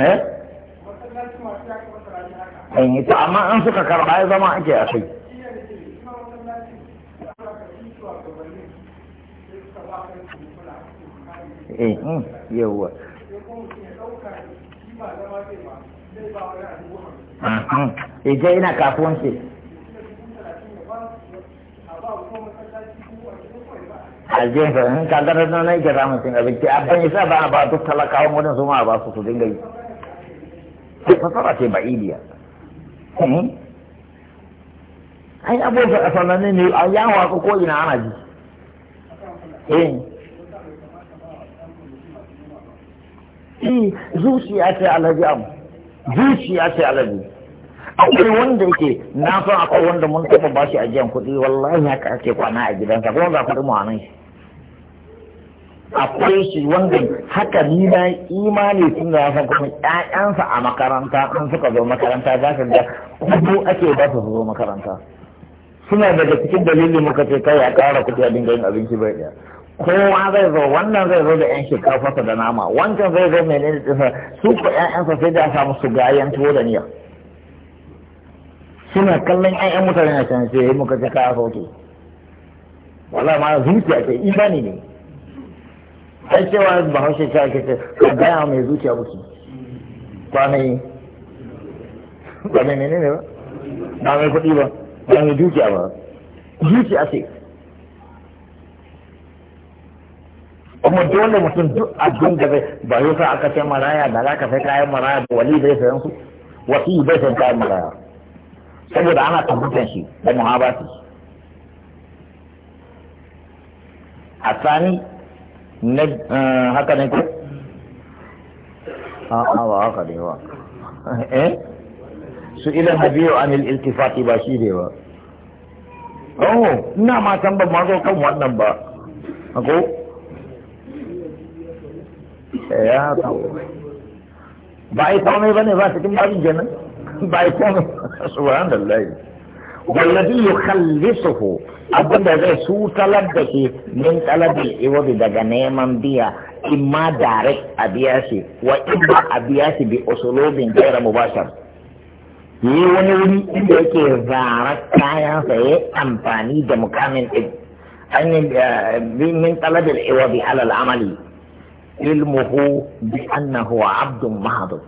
eh, eh amma an suka karɓa ya zama ake a kai eh hmm, yawa Ije eh, ina kafuwanci. Aljihar in ka gara nan na yake samun cin abinci, abin isa ba a ba duk talakawan wurin su ma ba su su dinga yi. sai fasara ce ba'iliya ai abubuwa a sananne ne a yawa ko ko ina ana ji eh, eh zuciya ce alaji abu zuciya ce alaji akwai wanda yake na san akwai wanda mun taɓa bashi ajiyan kuɗi wallahi ka ake kwana a gidansa kuma za ku mu shi akwai shi wanda haka ni na imani tun da san kuma ƴaƴansa a makaranta an suka zo makaranta za ka ga kudu ake ba su zo makaranta suna daga cikin dalilin muka ce kai a ƙara kudi a dinga yin abinci bai ɗaya kowa zai zo wannan zai zo da yan shinkafarsa da nama wancan zai zo mai ne da su ko ƴaƴansa sai da samu su gayan tuwo da niyya suna kallon ƴaƴan mutane a can sai muka ce kaya sauke wala ma zuciya ce imani ne ai cewa bahaushe ce ake ce ka gaya mai zuciya buki kwanai ba mai menene ba ba mai kuɗi ba ba mai dukiya ba zuciya ce kuma dole mutum duk abin da zai ba yi sa aka ce maraya da za ka sai kayan maraya da wali bai sayan su yi bai sayan kayan maraya saboda ana tabbatar shi da muhabbati a tsani na haka ne ko a'a ba haka ne ba eh su ila nabiyu anil iltifati ba shi ne ba oh ina ma san ban ma zo kan wannan ba ako ya to ba ai kome ba ne ba cikin babin kenan ba ai kome subhanallah wallazi yukhallisuhu abin da zai su talar da ke min da iwabi daga neman biya in ma direct a biya shi wa in ba a biya shi bi usulobin gaira mubashar yi wani wuri inda yake zara kayan saye amfani da mukamin din an yi eh, min da iwabi alal amali ilmuhu bi annahu abdun mahadu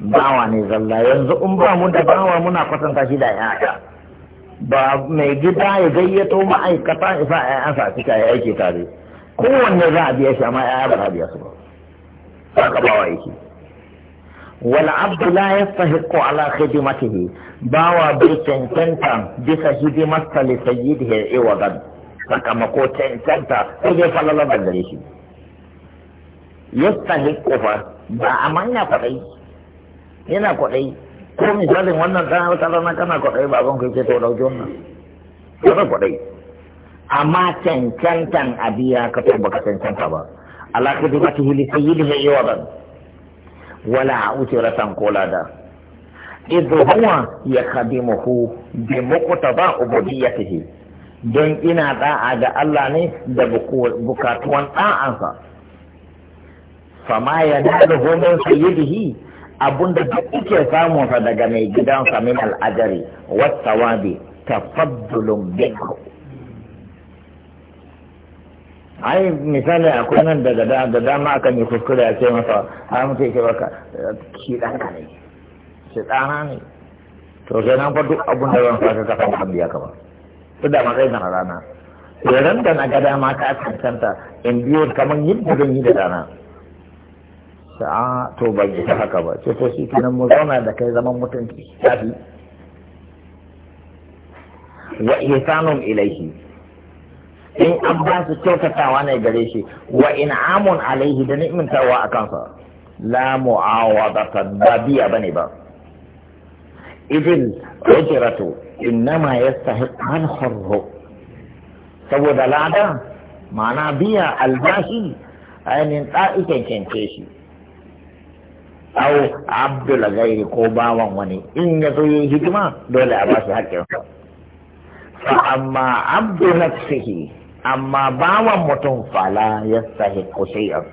bawa ne zalla yanzu in ba mu da bawa muna kwatanta shi da yaya ba mai gida ya gayyato ma'aikata ya sa a sa ya aiki tare kowanne za a biya shi amma ya ba za a biya su ba saka bawa yake wal abdu la yastahiqu ala khidmatihi bawa bai cancanta bisa hidimarsa li sayyidihi iwadan sakamako cancanta sai dai falala da gare shi yastahiqu fa ba amanya kwadai yana kwaɗai ko misalin wannan ta hau wata na kana kwaɗai abin kai ce to ɗauki wannan kana kwaɗai amma cancantan abiya ka to baka cancanta ba ala ka duba ta hili sai yi mai yawa ban wala a wuce rasan kola da idu huwa ya kadimuhu bi muqtaba ubudiyyatihi don ina da'a ga Allah ne da bukatuwan da'ansa fama ya nalu min sayyidihi abun da duk kike samu sa daga mai gidansa min al'ajari wasawabi tafaddulun minhu ai misali akwai nan daga da dama aka yi kuskure a ce masa har mutum yake baka shi ka ne shi ɗana ne to sai nan fa duk abun da zan saka ka samu kan biya ka ba duk da matsayin na rana idan da na ga dama ka cancanta in biyo kamar yadda zan yi da rana ce a ah, to ba ji haka ba ce to shi kenan mu zauna da kai zaman mutunci tafi wa ihsanun ilaihi in an ba su kyautatawa ne gare shi wa in'amun alaihi da ni'mintawa a kansa la mu'awadata ba biya bane ba idil ujratu innama yastahiqu al hurru saboda lada ma'ana biya albashi ainihin ɗa'ikin kyanke shi au abdul gairi ko bawan wani in ya zo yin hidima dole a bashi haƙƙinsa fa amma abdu nafsihi amma bawan mutum fala ya sahi shay'an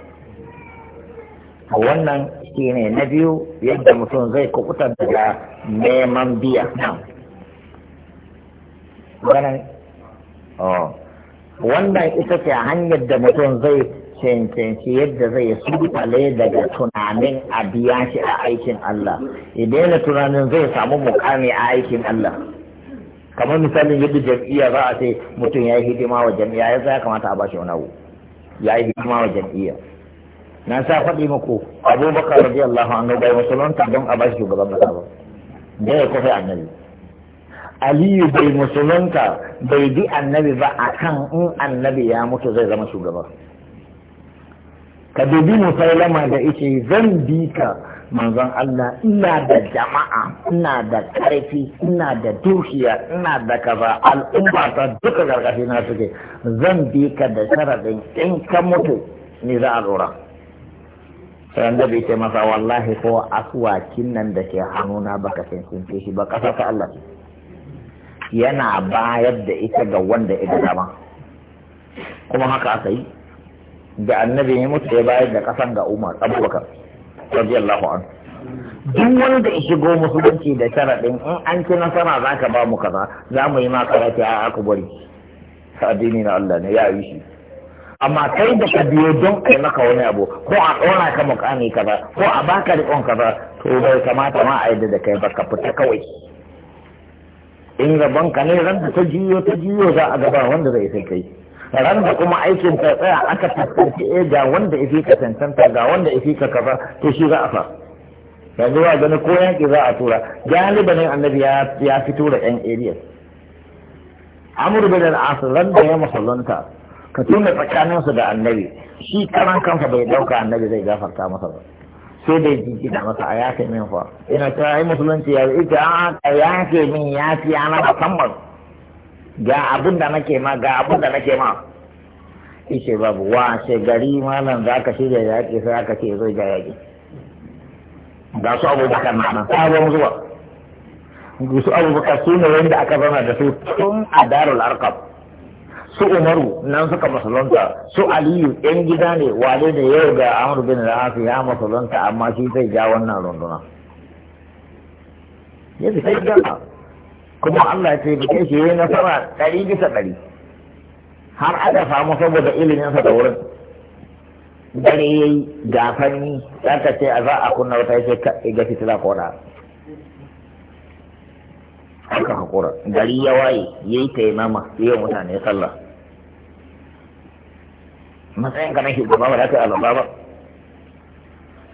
wannan shi ne na biyu yadda mutum zai kukuta daga neman biya oh, wannan ita ce hanyar da mutum zai cancanci yadda zai kwale daga tunanin a biya shi a aikin Allah idan yana tunanin zai samu mukami a aikin Allah kamar misalin yadda jam'iyya za a ce mutum ya yi hidima wa jam'iyya ya ya kamata a ba shi wani ya yi hidima wa jam'iyya na sa faɗi muku abubakar radiyallahu anhu bai musulunta don a ba shi shugaban kasa ba da ya kofi annabi aliyu bai musulunta bai bi annabi ba akan in annabi ya mutu zai zama shugaba ka dubi musallama da ita zan bi ka manzon Allah ina da jama'a ina da karfi ina da dukiya ina da kaza al'umma ta duka gargashi na suke zan bi ka da sharadin in ka mutu ni za a lura sai da bai ce masa wallahi ko aswakin nan da ke hannuna baka san sun shi ba kasa ta Allah yana bayar da ita ga wanda ya dama kuma haka aka yi da annabi ya mutu ya bayar da kasan ga umar abubakar radiyallahu anhu duk wani da shigo musulunci da sharaɗin in an ci nasara za ka ba mu kaza za mu yi maka rafi a aka bari addini na Allah ne ya yi shi amma kai da ka biyo don a yi maka wani abu ko a ɗora ka mukami kaza ko a baka riƙon kaza to bai kamata ma a yadda da kai ba ka fita kawai in gaban ka ne ran ta jiyo ta jiyo za a gaba wanda zai sai kai ran da kuma aikin ka tsaya aka fuskanci eh ga wanda ifi ka tantanta ga wanda ifi ka kafa to shi za a fa yanzu ba gani ko yanki za a tura ne annabi ya fi tura yan areas amur bin al-as ran da ya musallanta ka tuna tsakaninsu da annabi shi karan kansa bai dauka annabi zai gafarta masa ba sai dai jiki da masa a yafe min fa ina ta yi musulunci ya ita a yafe min ya fi ana musamman ga abin da nake ma ga abin da nake ma ishe babu wa ce gari malam za ka shirya yaƙi sai aka ce zai ga yaƙi ga su abubakar na nan sabon zuwa su abubakar su ne wanda aka zama da su tun a darul arkab su umaru nan suka musulunta su aliyu yan gida ne wale ne yau ga amur bin rafi ya musulunta amma shi zai ja wannan runduna ya fi sai gaba kuma Allah ya ke shi na nasara ɗari bisa ɗari har aka samu saboda iliminsa da wurin dare yayi ga fanni aka ce a za a kunna wata yake kaɗai ga fitila kona haka hakura gari ya waye ya yi taimama ya mutane sallah matsayin ka na shugaba ba za ka yi alaba ba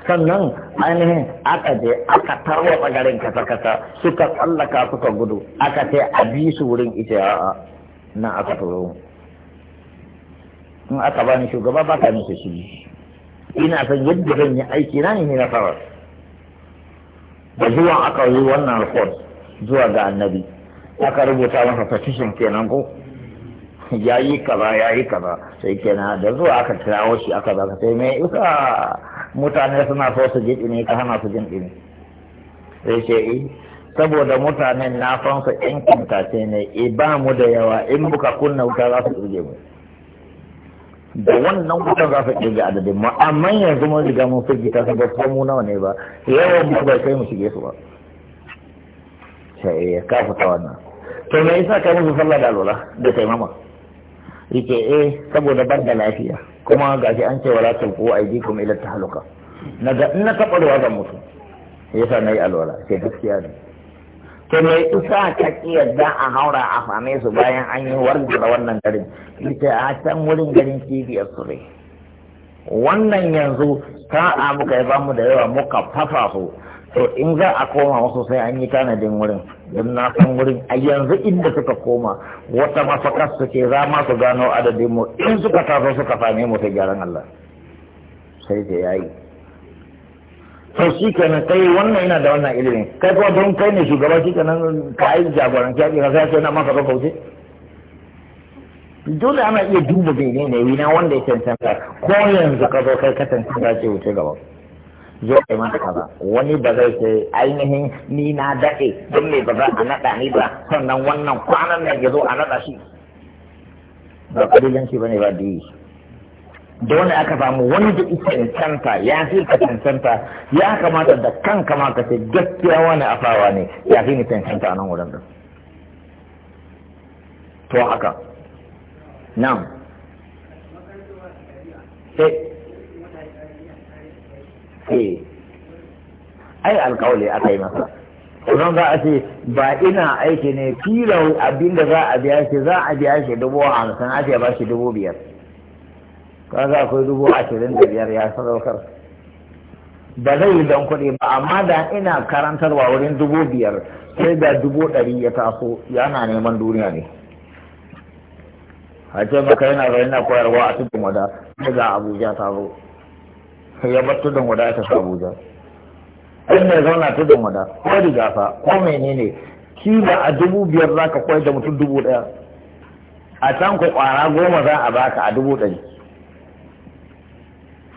sannan ainihin aka je aka tarwa bagarin kasa-kasa suka tsallaka suka gudu aka ce a bi su wurin ita a na aka turo in aka bani shugaba ba ka nufi shi ina san yadda zan yi aiki na ne na fara da zuwa aka yi wannan report zuwa ga annabi aka rubuta masa petition kenan ko ya yi kaza ya yi kaza sai kenan da zuwa aka kirawo shi aka zaka sai mai isa mutane suna so su ji ɗumi ka hana su jin ɗumi sai ce yi eh, saboda mutanen na san su ƴan kintace ne e ba mu da yawa in buka kunna wuta za su ɗuge mu da wannan wutan za su ɗuge adadin mu amma yanzu mun riga mun fi gita su ba ko mu nawa ne ba yawan mu ba kai mu shige su ba sai ya kafa ta wannan to me yasa kai musu sallah da alwala da mama yake eh saboda bar da lafiya kuma gashi an ce wala tulqu aydikum ila tahluka naga in na taɓa ruwa zan mutu yasa nayi alwala sai gaskiya ne to mai isa ta yadda a haura a fame su bayan an yi wargara wannan garin ita a can wurin garin cibiyar su ne wannan yanzu ta muka yi bamu da yawa muka fafa su to in za a koma wasu sai an yi tanadin wurin don na san wurin a yanzu inda suka koma wata mafakar suke za ma su gano adadin mu in suka taso suka same mu ta gyaran Allah sai ta yayi to shi kenan kai wannan yana da wannan ilimin kai kuma don kai ne shugaba shi kenan ka yi jagoranci a kira sai na masa ka kauce dole ana iya duba bai ne ne wina wanda ya cancanta ko yanzu ka zo kai ka cancanta ce wuce gaba zai kai mata ba wani ba zai ce ainihin ni na daɗe don me ba za a naɗa ni ba sannan wannan kwanan nan ya zo a naɗa shi ba ƙabilanci ba ne ba da yi dole aka samu wani da ita cancanta ya fi ka cancanta ya kamata da kanka ma ka ce gaskiya wani afawa ne ya fi ni cancanta a nan wurin da to haka nan sai eh. eh ai alƙawali aka yi masa idan za a ce ba ina aiki ne kila abinda za a biya shi za a biya shi dubu hamsin a ce ba shi dubu biyar a akwai dubu ashirin da biyar ya sadaukar ba zai yi don kuɗi ba amma da ina karantarwa wurin dubu biyar sai da dubu ɗari ya taso yana neman duniya ne a ce maka yana zai na koyarwa a cikin wada sai ga abuja ta zo ya bar tudun wada ta sa abuja in mai zauna tudun wada ko rigafa ko menene kila a dubu biyar za ka koyar da mutum dubu ɗaya a can ku kwara goma za a baka a dubu ɗari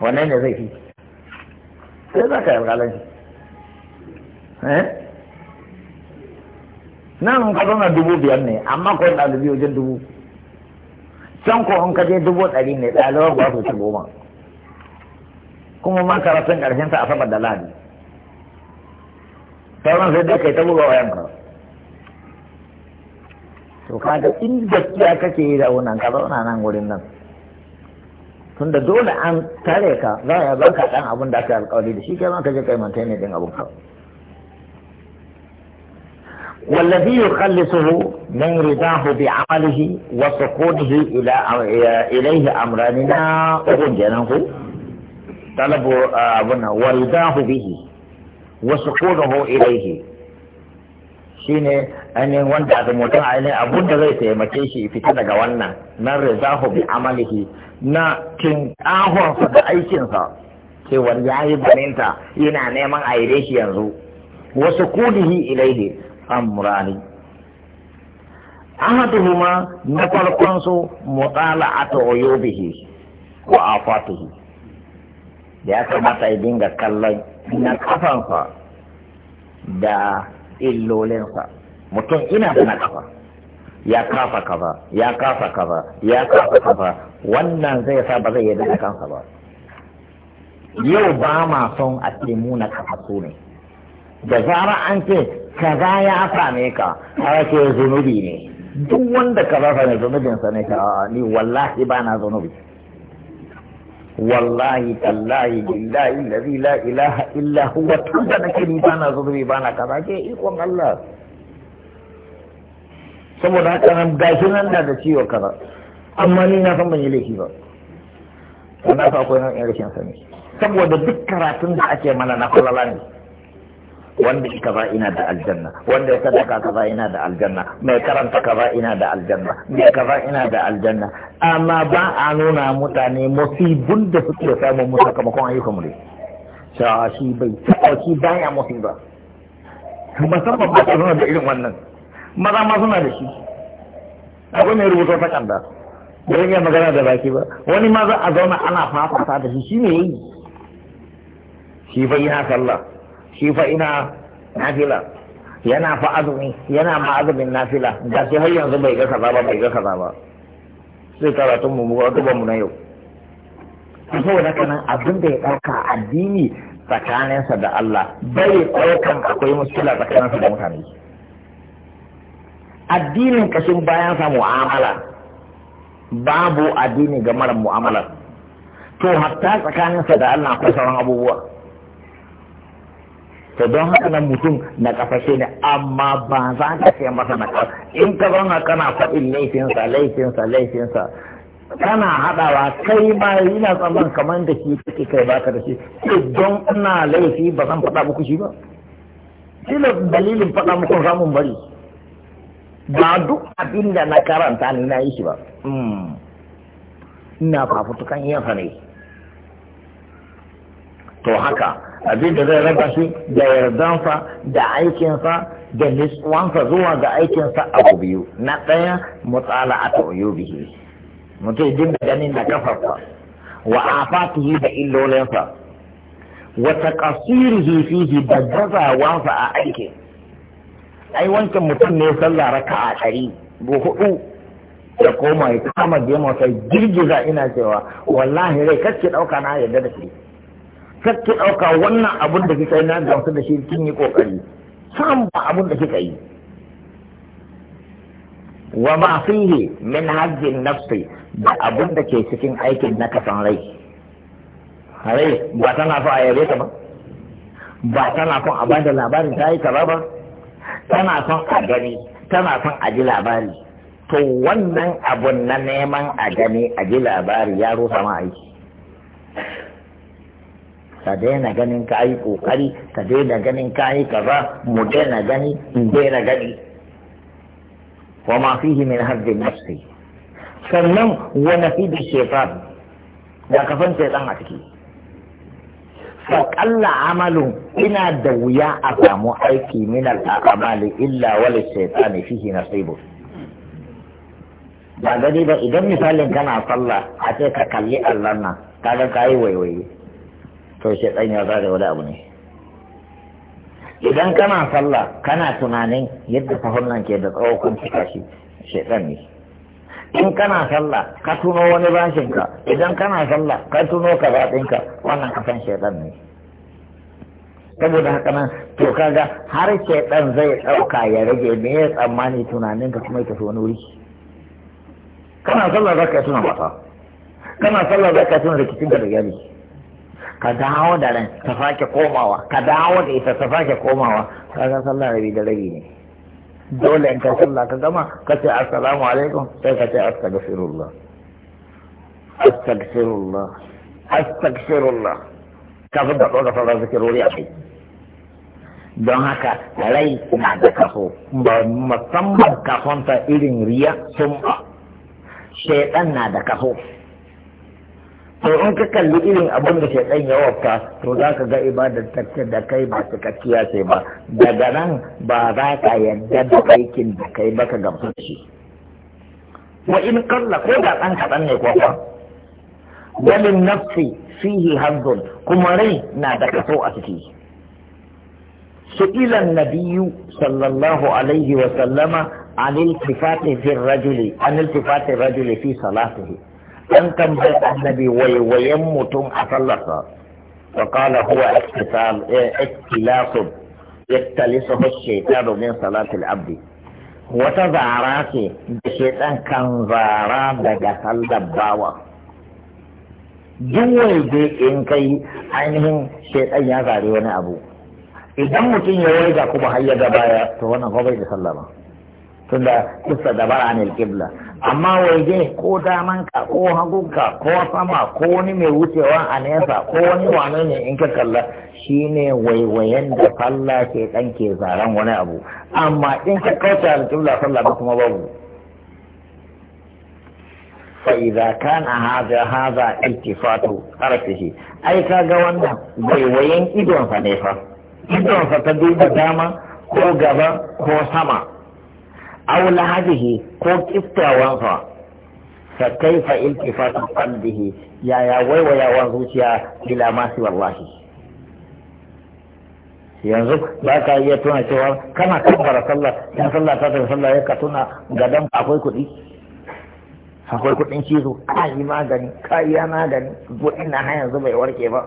wannan ne zai fi sai za ka yi alƙalanci eh? nan ka zauna dubu biyar ne amma ko ɗalibi wajen dubu can ko in ka je dubu ɗari ne ɗalibar ba su ci goma kuma ma karatun ƙarshen ta asabar da lahadi sauran sai dai kai ta buga wayan ka to kaga in gaskiya kake yi da wannan ka zauna nan gurin nan tunda dole an tare ka za a yi ka dan abin da aka alƙawari da shi kai ma ka je kai mantai ne din abun ka والذي يخلصه من رضاه بعمله وسقوطه إلى إليه أمران لا أغنجنه talabu abun waldahu bihi wa sukunuhu ilayhi shine ainihin wanda a mutum ainihin abun da zai taimake shi fita daga wannan na rizahu bi amalihi na kin ahonsa da aikinsa cewa ya yi baninta yana neman aire shi yanzu wasu kudihi ilaihi amurani ahaduhuma na farkon su mutsala a wa afatihi ya kamata ya dinga kallon na kafansa da illolinsa mutum ina da na kafa ya kafa kafa ya kafa kafa ya kafa kafa wannan zai sa ba zai yarda da kansa ba yau ba ma son a ce muna kafa su ne da zara an ce kaza ya same ka a ce zunubi ne duk wanda kaza same zunubinsa ne ka ni wallahi ba na zunubi wallahi tallahi billahi allazi la ilaha illa huwa tunda nake ni bana zubi bana kaza ke ikon Allah saboda haka nan gashi nan da da ciwo kaza amma ni na san ban yi laifi ba na fa akwai nan rashin sani saboda duk karatun da ake mana na falala ne wanda ya kaza ina da aljanna wanda ya sadaka kaza ina da aljanna mai karanta kaza ina da aljanna mai kaza ina da aljanna amma ba a nuna mutane musibin da suke samun mu sakamakon ayyukan mu ne shi bai taɓa shi baya musiba musamman ba suna da irin wannan maza ma suna da shi akwai mai rubuta ta kanda da yin magana da baki ba wani ma za a zauna ana fafata da shi shi ne yayi shi bai yana sallah shi fa ina nafila yana fa azumi yana ma azumin nafila da shi har yanzu bai ga kaza ba bai ga kaza ba sai karatun mu ba mu na yau saboda kana abin da ya dauka addini tsakaninsa da Allah bai daukan akwai tsakanin tsakaninsa da mutane addinin kashin bayan sa mu'amala babu addini ga mara mu'amala to hatta tsakaninsa da Allah akwai sauran abubuwa to don haka nan mutum na kafashe ne amma ba za ka ce masa na kafa in ka zauna kana faɗin laifinsa laifinsa laifinsa kana haɗawa kai ma yana tsaman kamar da shi kake kai ka da shi sai don ina laifi ba zan faɗa muku shi ba shi dalilin faɗa muku samun bari ba duk abinda na karanta ni na yi shi ba hmm. ina fafutukan yin fa to haka abin da zai raba shi da yardansa da aikinsa da niswansa zuwa ga aikinsa abu biyu na ɗaya mutsala a ta'uyu bihi mutum da ganin da kafarsa wa a afatihi da illolinsa wa taqasirihi hifihi da gazawansa a aikin ai wancan mutum ne sallah a ɗari hudu ya koma ya kama jema sai girgiza ina cewa wallahi rai kacce ɗauka na yadda da shi kakki ɗauka wannan abun da kika yi na gamsu da shi kin yi ƙoƙari sam ba abun da kika yi wa ma fihi min hajjin nafsi da abun da ke cikin aikin na kasan rai rai ba tana so a yabe ta ba ba tana son a bada labarin ta yi kaza ba tana son a gani tana son a ji labari to wannan abun na neman a gani a ji labari ya rusa ma aiki ka daina ganin ka yi kokari ka daina ganin ka yi kaza mu daina gani in daina gani wa ma fihi min haddin nafsi sannan wa nafidi shaytan da kafan dan a ciki fa qalla amalu ina da wuya a samu aiki min al a'mali illa wal shaytan fihi nasibu ba gani ba idan misalin kana sallah a ce ka kalli Allah na kaga kai waiwaye to shaitan ya zaga wani abu ne idan kana sallah kana tunanin yadda sahun ke da tsawo kun cika shi shaitan ne in kana sallah ka tuno wani bashinka idan kana sallah ka tuno ka zaɓinka wannan kasan shaitan ne saboda haka nan to kaga har shaitan zai ɗauka ya rage me ya tsammani tunanin ka kuma ya tafi wani wuri kana sallah za ka tuna mata kana sallah za ka tuna rikicin ka da iyali ka dawo da ran ta sake komawa ka dawo da ita ta sake komawa kaga sallah rabi da rabi ne dole in ka sallah ka gama ka ce assalamu alaikum sai ka ce astaghfirullah astaghfirullah astaghfirullah ka fi da ɗora sauran zikirori a kai don haka rai na da kaso musamman kasonta irin riya sun ba shaidan na da kaso to in ka kalli irin abin da shaidan ya wafta to za ka ga ibadar tafiya da kai ba cikakkiya sai ba daga nan ba za ka yarda da aikin da kai ba ka gamsu shi wa in kalla ko da ɗan kaɗan ne ko fa walin nafsi fihi hazzun kuma rai na da kaso a ciki Su ilan na biyu Sallallahu alaihi عن التفات في rajuli عن التفات an tambayi annabi waiwayen mutum a sallarsa wa kala huwa eh, ikhtilasun yattalisuhu shaytanu domin salatil abdi wata zara ce da shaitan kan zara daga sallar bawa duk waje in kai ainihin shaitan ya zare wani abu idan mutum ya waiga kuma har ya ga baya to wannan ba bai da sallama. ba tunda kusa da bara ne kibla amma waje ko damanka ko hagunka ko sama ko wani mai wucewa a nesa ko wani wane ne in ka kalla shine waiwayen da falla ke dan ke zaren wani abu amma in ka kauce alkibla falla ba kuma babu فإذا كان هذا هذا التفات حركه أي كاغا ne fa. إدوان فنيفا ta فتدوب dama, ko gaba, ko sama. aw lahadihi ko kiftawansa fa kaifa iltifatu qalbihi ya ya waiwayawa zuciya ila ma wallahi yanzu ba ka iya tuna cewa kana kabbara sallah in sallah ta tafi sallah ya ka tuna gadan akwai kuɗi akwai kuɗin cizo ka yi magani ka yi magani kuɗin na yanzu bai warke ba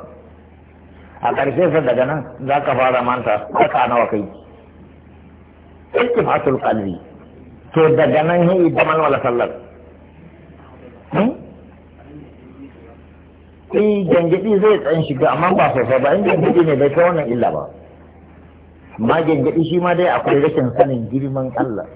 a ƙarshe sa daga nan za ka fara manta ka nawa kai ittifatul qalbi to daga nan yi zaman wala sallar eh hmm? gangadi zai tsayin shiga amma ba sosai ba in gangadi ne bai ta wannan illa ba ma gangadi shi ma dai akwai rashin sanin girman Allah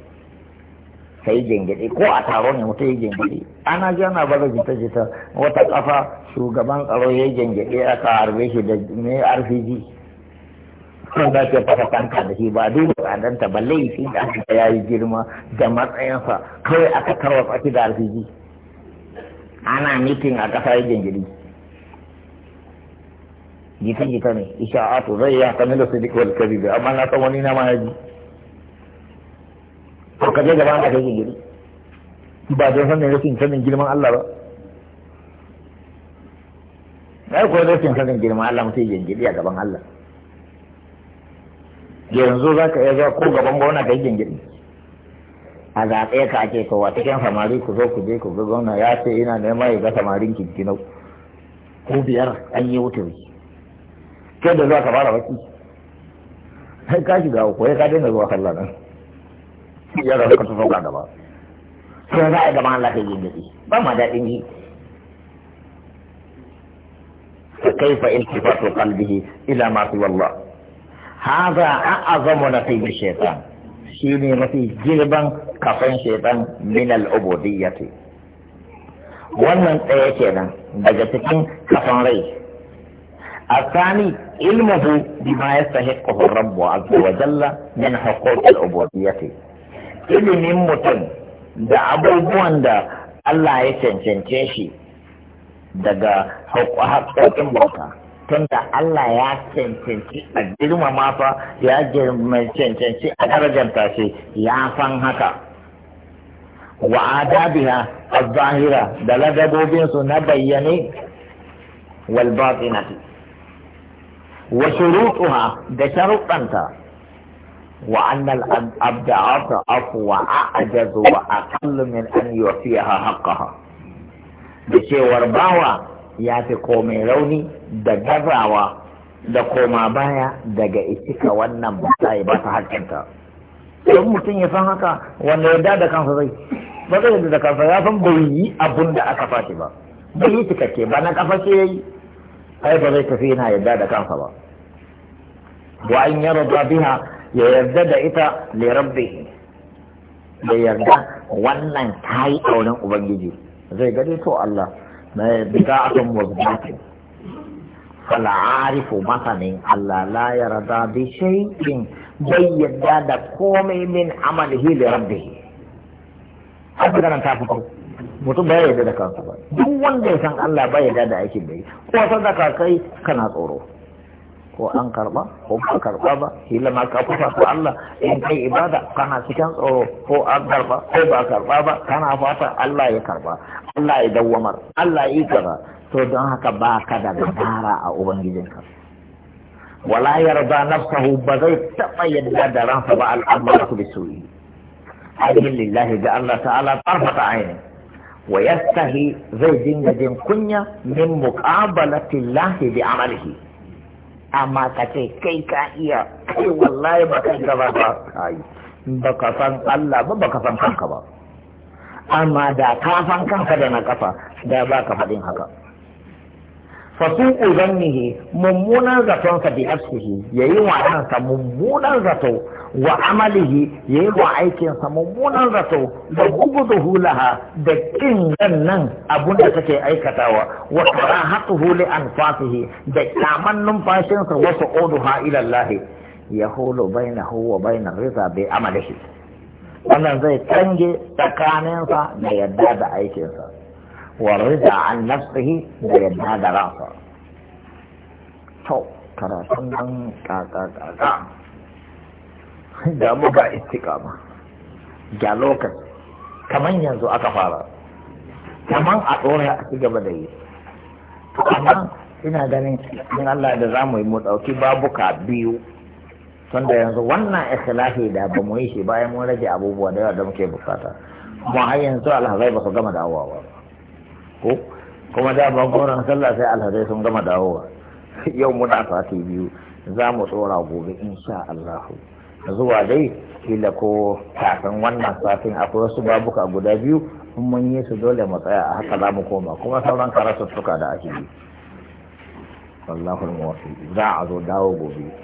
sai gangadi ko a taro ne mutum ya gangadi ana ji ana bada jita jita wata kafa shugaban tsaro ya gengede aka harbe shi da me rpg kan za ta fara kanka da shi ba dai tsadanta ba laifi da aka ya yi girma da matsayinsa kawai aka karwa tsaki da arziki ana mitin a ƙasa yin gingiri jita jita ne isha isha'atu zai ya kamar da su duk wal kabibi amma na san wani na ma ya ji to ka je gaba da kai gingiri ba don sanin rashin sanin girman Allah ba ai ko rashin sanin girman Allah mutum gingiri a gaban Allah yanzu za ka iya zuwa ko gaban gwamna ka yi gingiri a zaɓe ka ake kowa cikin samari ku zo ku je ku ga gwamna ya ce ina neman ya ga samarin kinkinau ko biyar an yi wuta ke da zuwa ka fara baki sai ka shiga ko ya ka dinga zuwa sallah nan ya ga ka tafi gaba sai za a yi gaban Allah ka gingiri ba ma daɗin yi فكيف التفات قلبه الى ما سوى الله haza a'azamu na fi shaitan shi ne mafi girban kafin shaitan min al'ubudiyyati wannan tsaye kenan daga cikin kafin rai الثاني علمه بما يستحقه الرب عز وجل من حقوق العبودية ilimin mutum da abubuwan da Allah ya cancance shi daga haƙoƙin bauta tunda Allah ya cancanci a girmama fa ya cancanci a darajanta shi ya san haka wa adabiha az-zahira da ladabobin su na bayyane wal batinati wa shurutuha da sharuɗanta wa annal abda'ata afwa a'jazu wa aqallu min an yufiha haqqaha da cewar bawa ya fi komai rauni da gazawa da koma baya daga isika wannan ba ba ta hakinta don mutum ya san haka wanda ya da kansa zai ba zai da kansa ya san bai yi abun da aka fashi ba bai yi cikakke ba na kafa ce yayi ai ba zai tafi yana yadda da kansa ba wa an yarda biha ya yarda da ita ya rabbi da yarda wannan ta yi auren ubangiji zai gade to Allah na ya wa batin fal'arifu masanin Allah la ya rada bi shaikin bai yadda da komai min amalihi da rabbi haka ganin ta fi mutum bai yadda da kansa ba duk wanda ya san Allah bai yadda da aikin da yi ko da kai kana tsoro ko an karba ko ba karba ba hila ma ka fusa ko Allah in kai ibada kana cikin tsoro ko an karba ko ba karba ba kana fata Allah ya karba Allah ya dawama, Allah ya karba, to don haka ba ka da dabara a ka. wala yarda nafsahu ba zai taba yadda da ransa ba al'amaratu bisu'i ainihin lillahi ga Allah ta'ala tarfata aini wa yastahi zai dinga jin kunya min muqabalati Allah bi amalihi amma ka ce kai ka iya kai wallahi ba kai gaba ba ba ka san Allah ba ba ka san kanka ba amma da ka san kanka da na kafa da ba ka faɗin haka fasu'u zannihi mummunan zatonsa bi nafsihi yayi wa kansa mummunan zato wa amalihi yayi wa aikinsa mummunan zato da buguduhu hulaha, da kin nan abun da take aikatawa wa huli an fasihi, da kaman numfashinsa wa ya ila bai na bainahu bai na riza bai amalihi wannan zai kange tsakaninsa da yadda da aikinsa warida an nafsihi da yadda da rasa to karatun nan kakakaka da muka istikama ga lokaci kamar yanzu aka fara kamar a ɗora a ci gaba da yi amma ina ganin in Allah da za mu yi mu ɗauki babuka biyu tunda yanzu wannan ikhlafi da ba mu yi shi bayan mun rage abubuwa da yawa da muke bukata mu har yanzu alhazai ba su gama da awawa ba ko kuma da ba goron sallah sai alhazai sun gama dawowa yau muna sati biyu za mu tsora gobe insha Allah zuwa dai kila ko kafin wannan satin akwai wasu babuka guda biyu in mun yi su dole mu tsaya a haka za mu koma kuma sauran suka da ake yi wallahul muwaffiq za a zo dawo gobe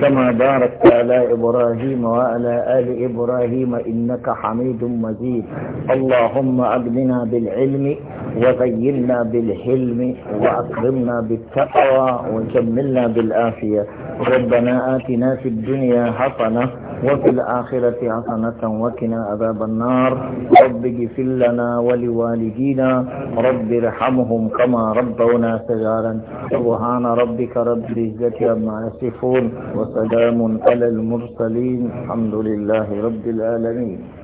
كما باركت على إبراهيم وعلى آل إبراهيم إنك حميد مجيد اللهم أبننا بالعلم وغيرنا بالحلم وأكرمنا بالتقوى وجملنا بالآفية ربنا آتنا في الدنيا حسنة وفي الآخرة حسنة وكنا عذاب النار رب اغفر لنا ولوالدينا رب ارحمهم كما ربونا صغارا سبحان ربك رب العزة عما يصفون وسلام على المرسلين الحمد لله رب العالمين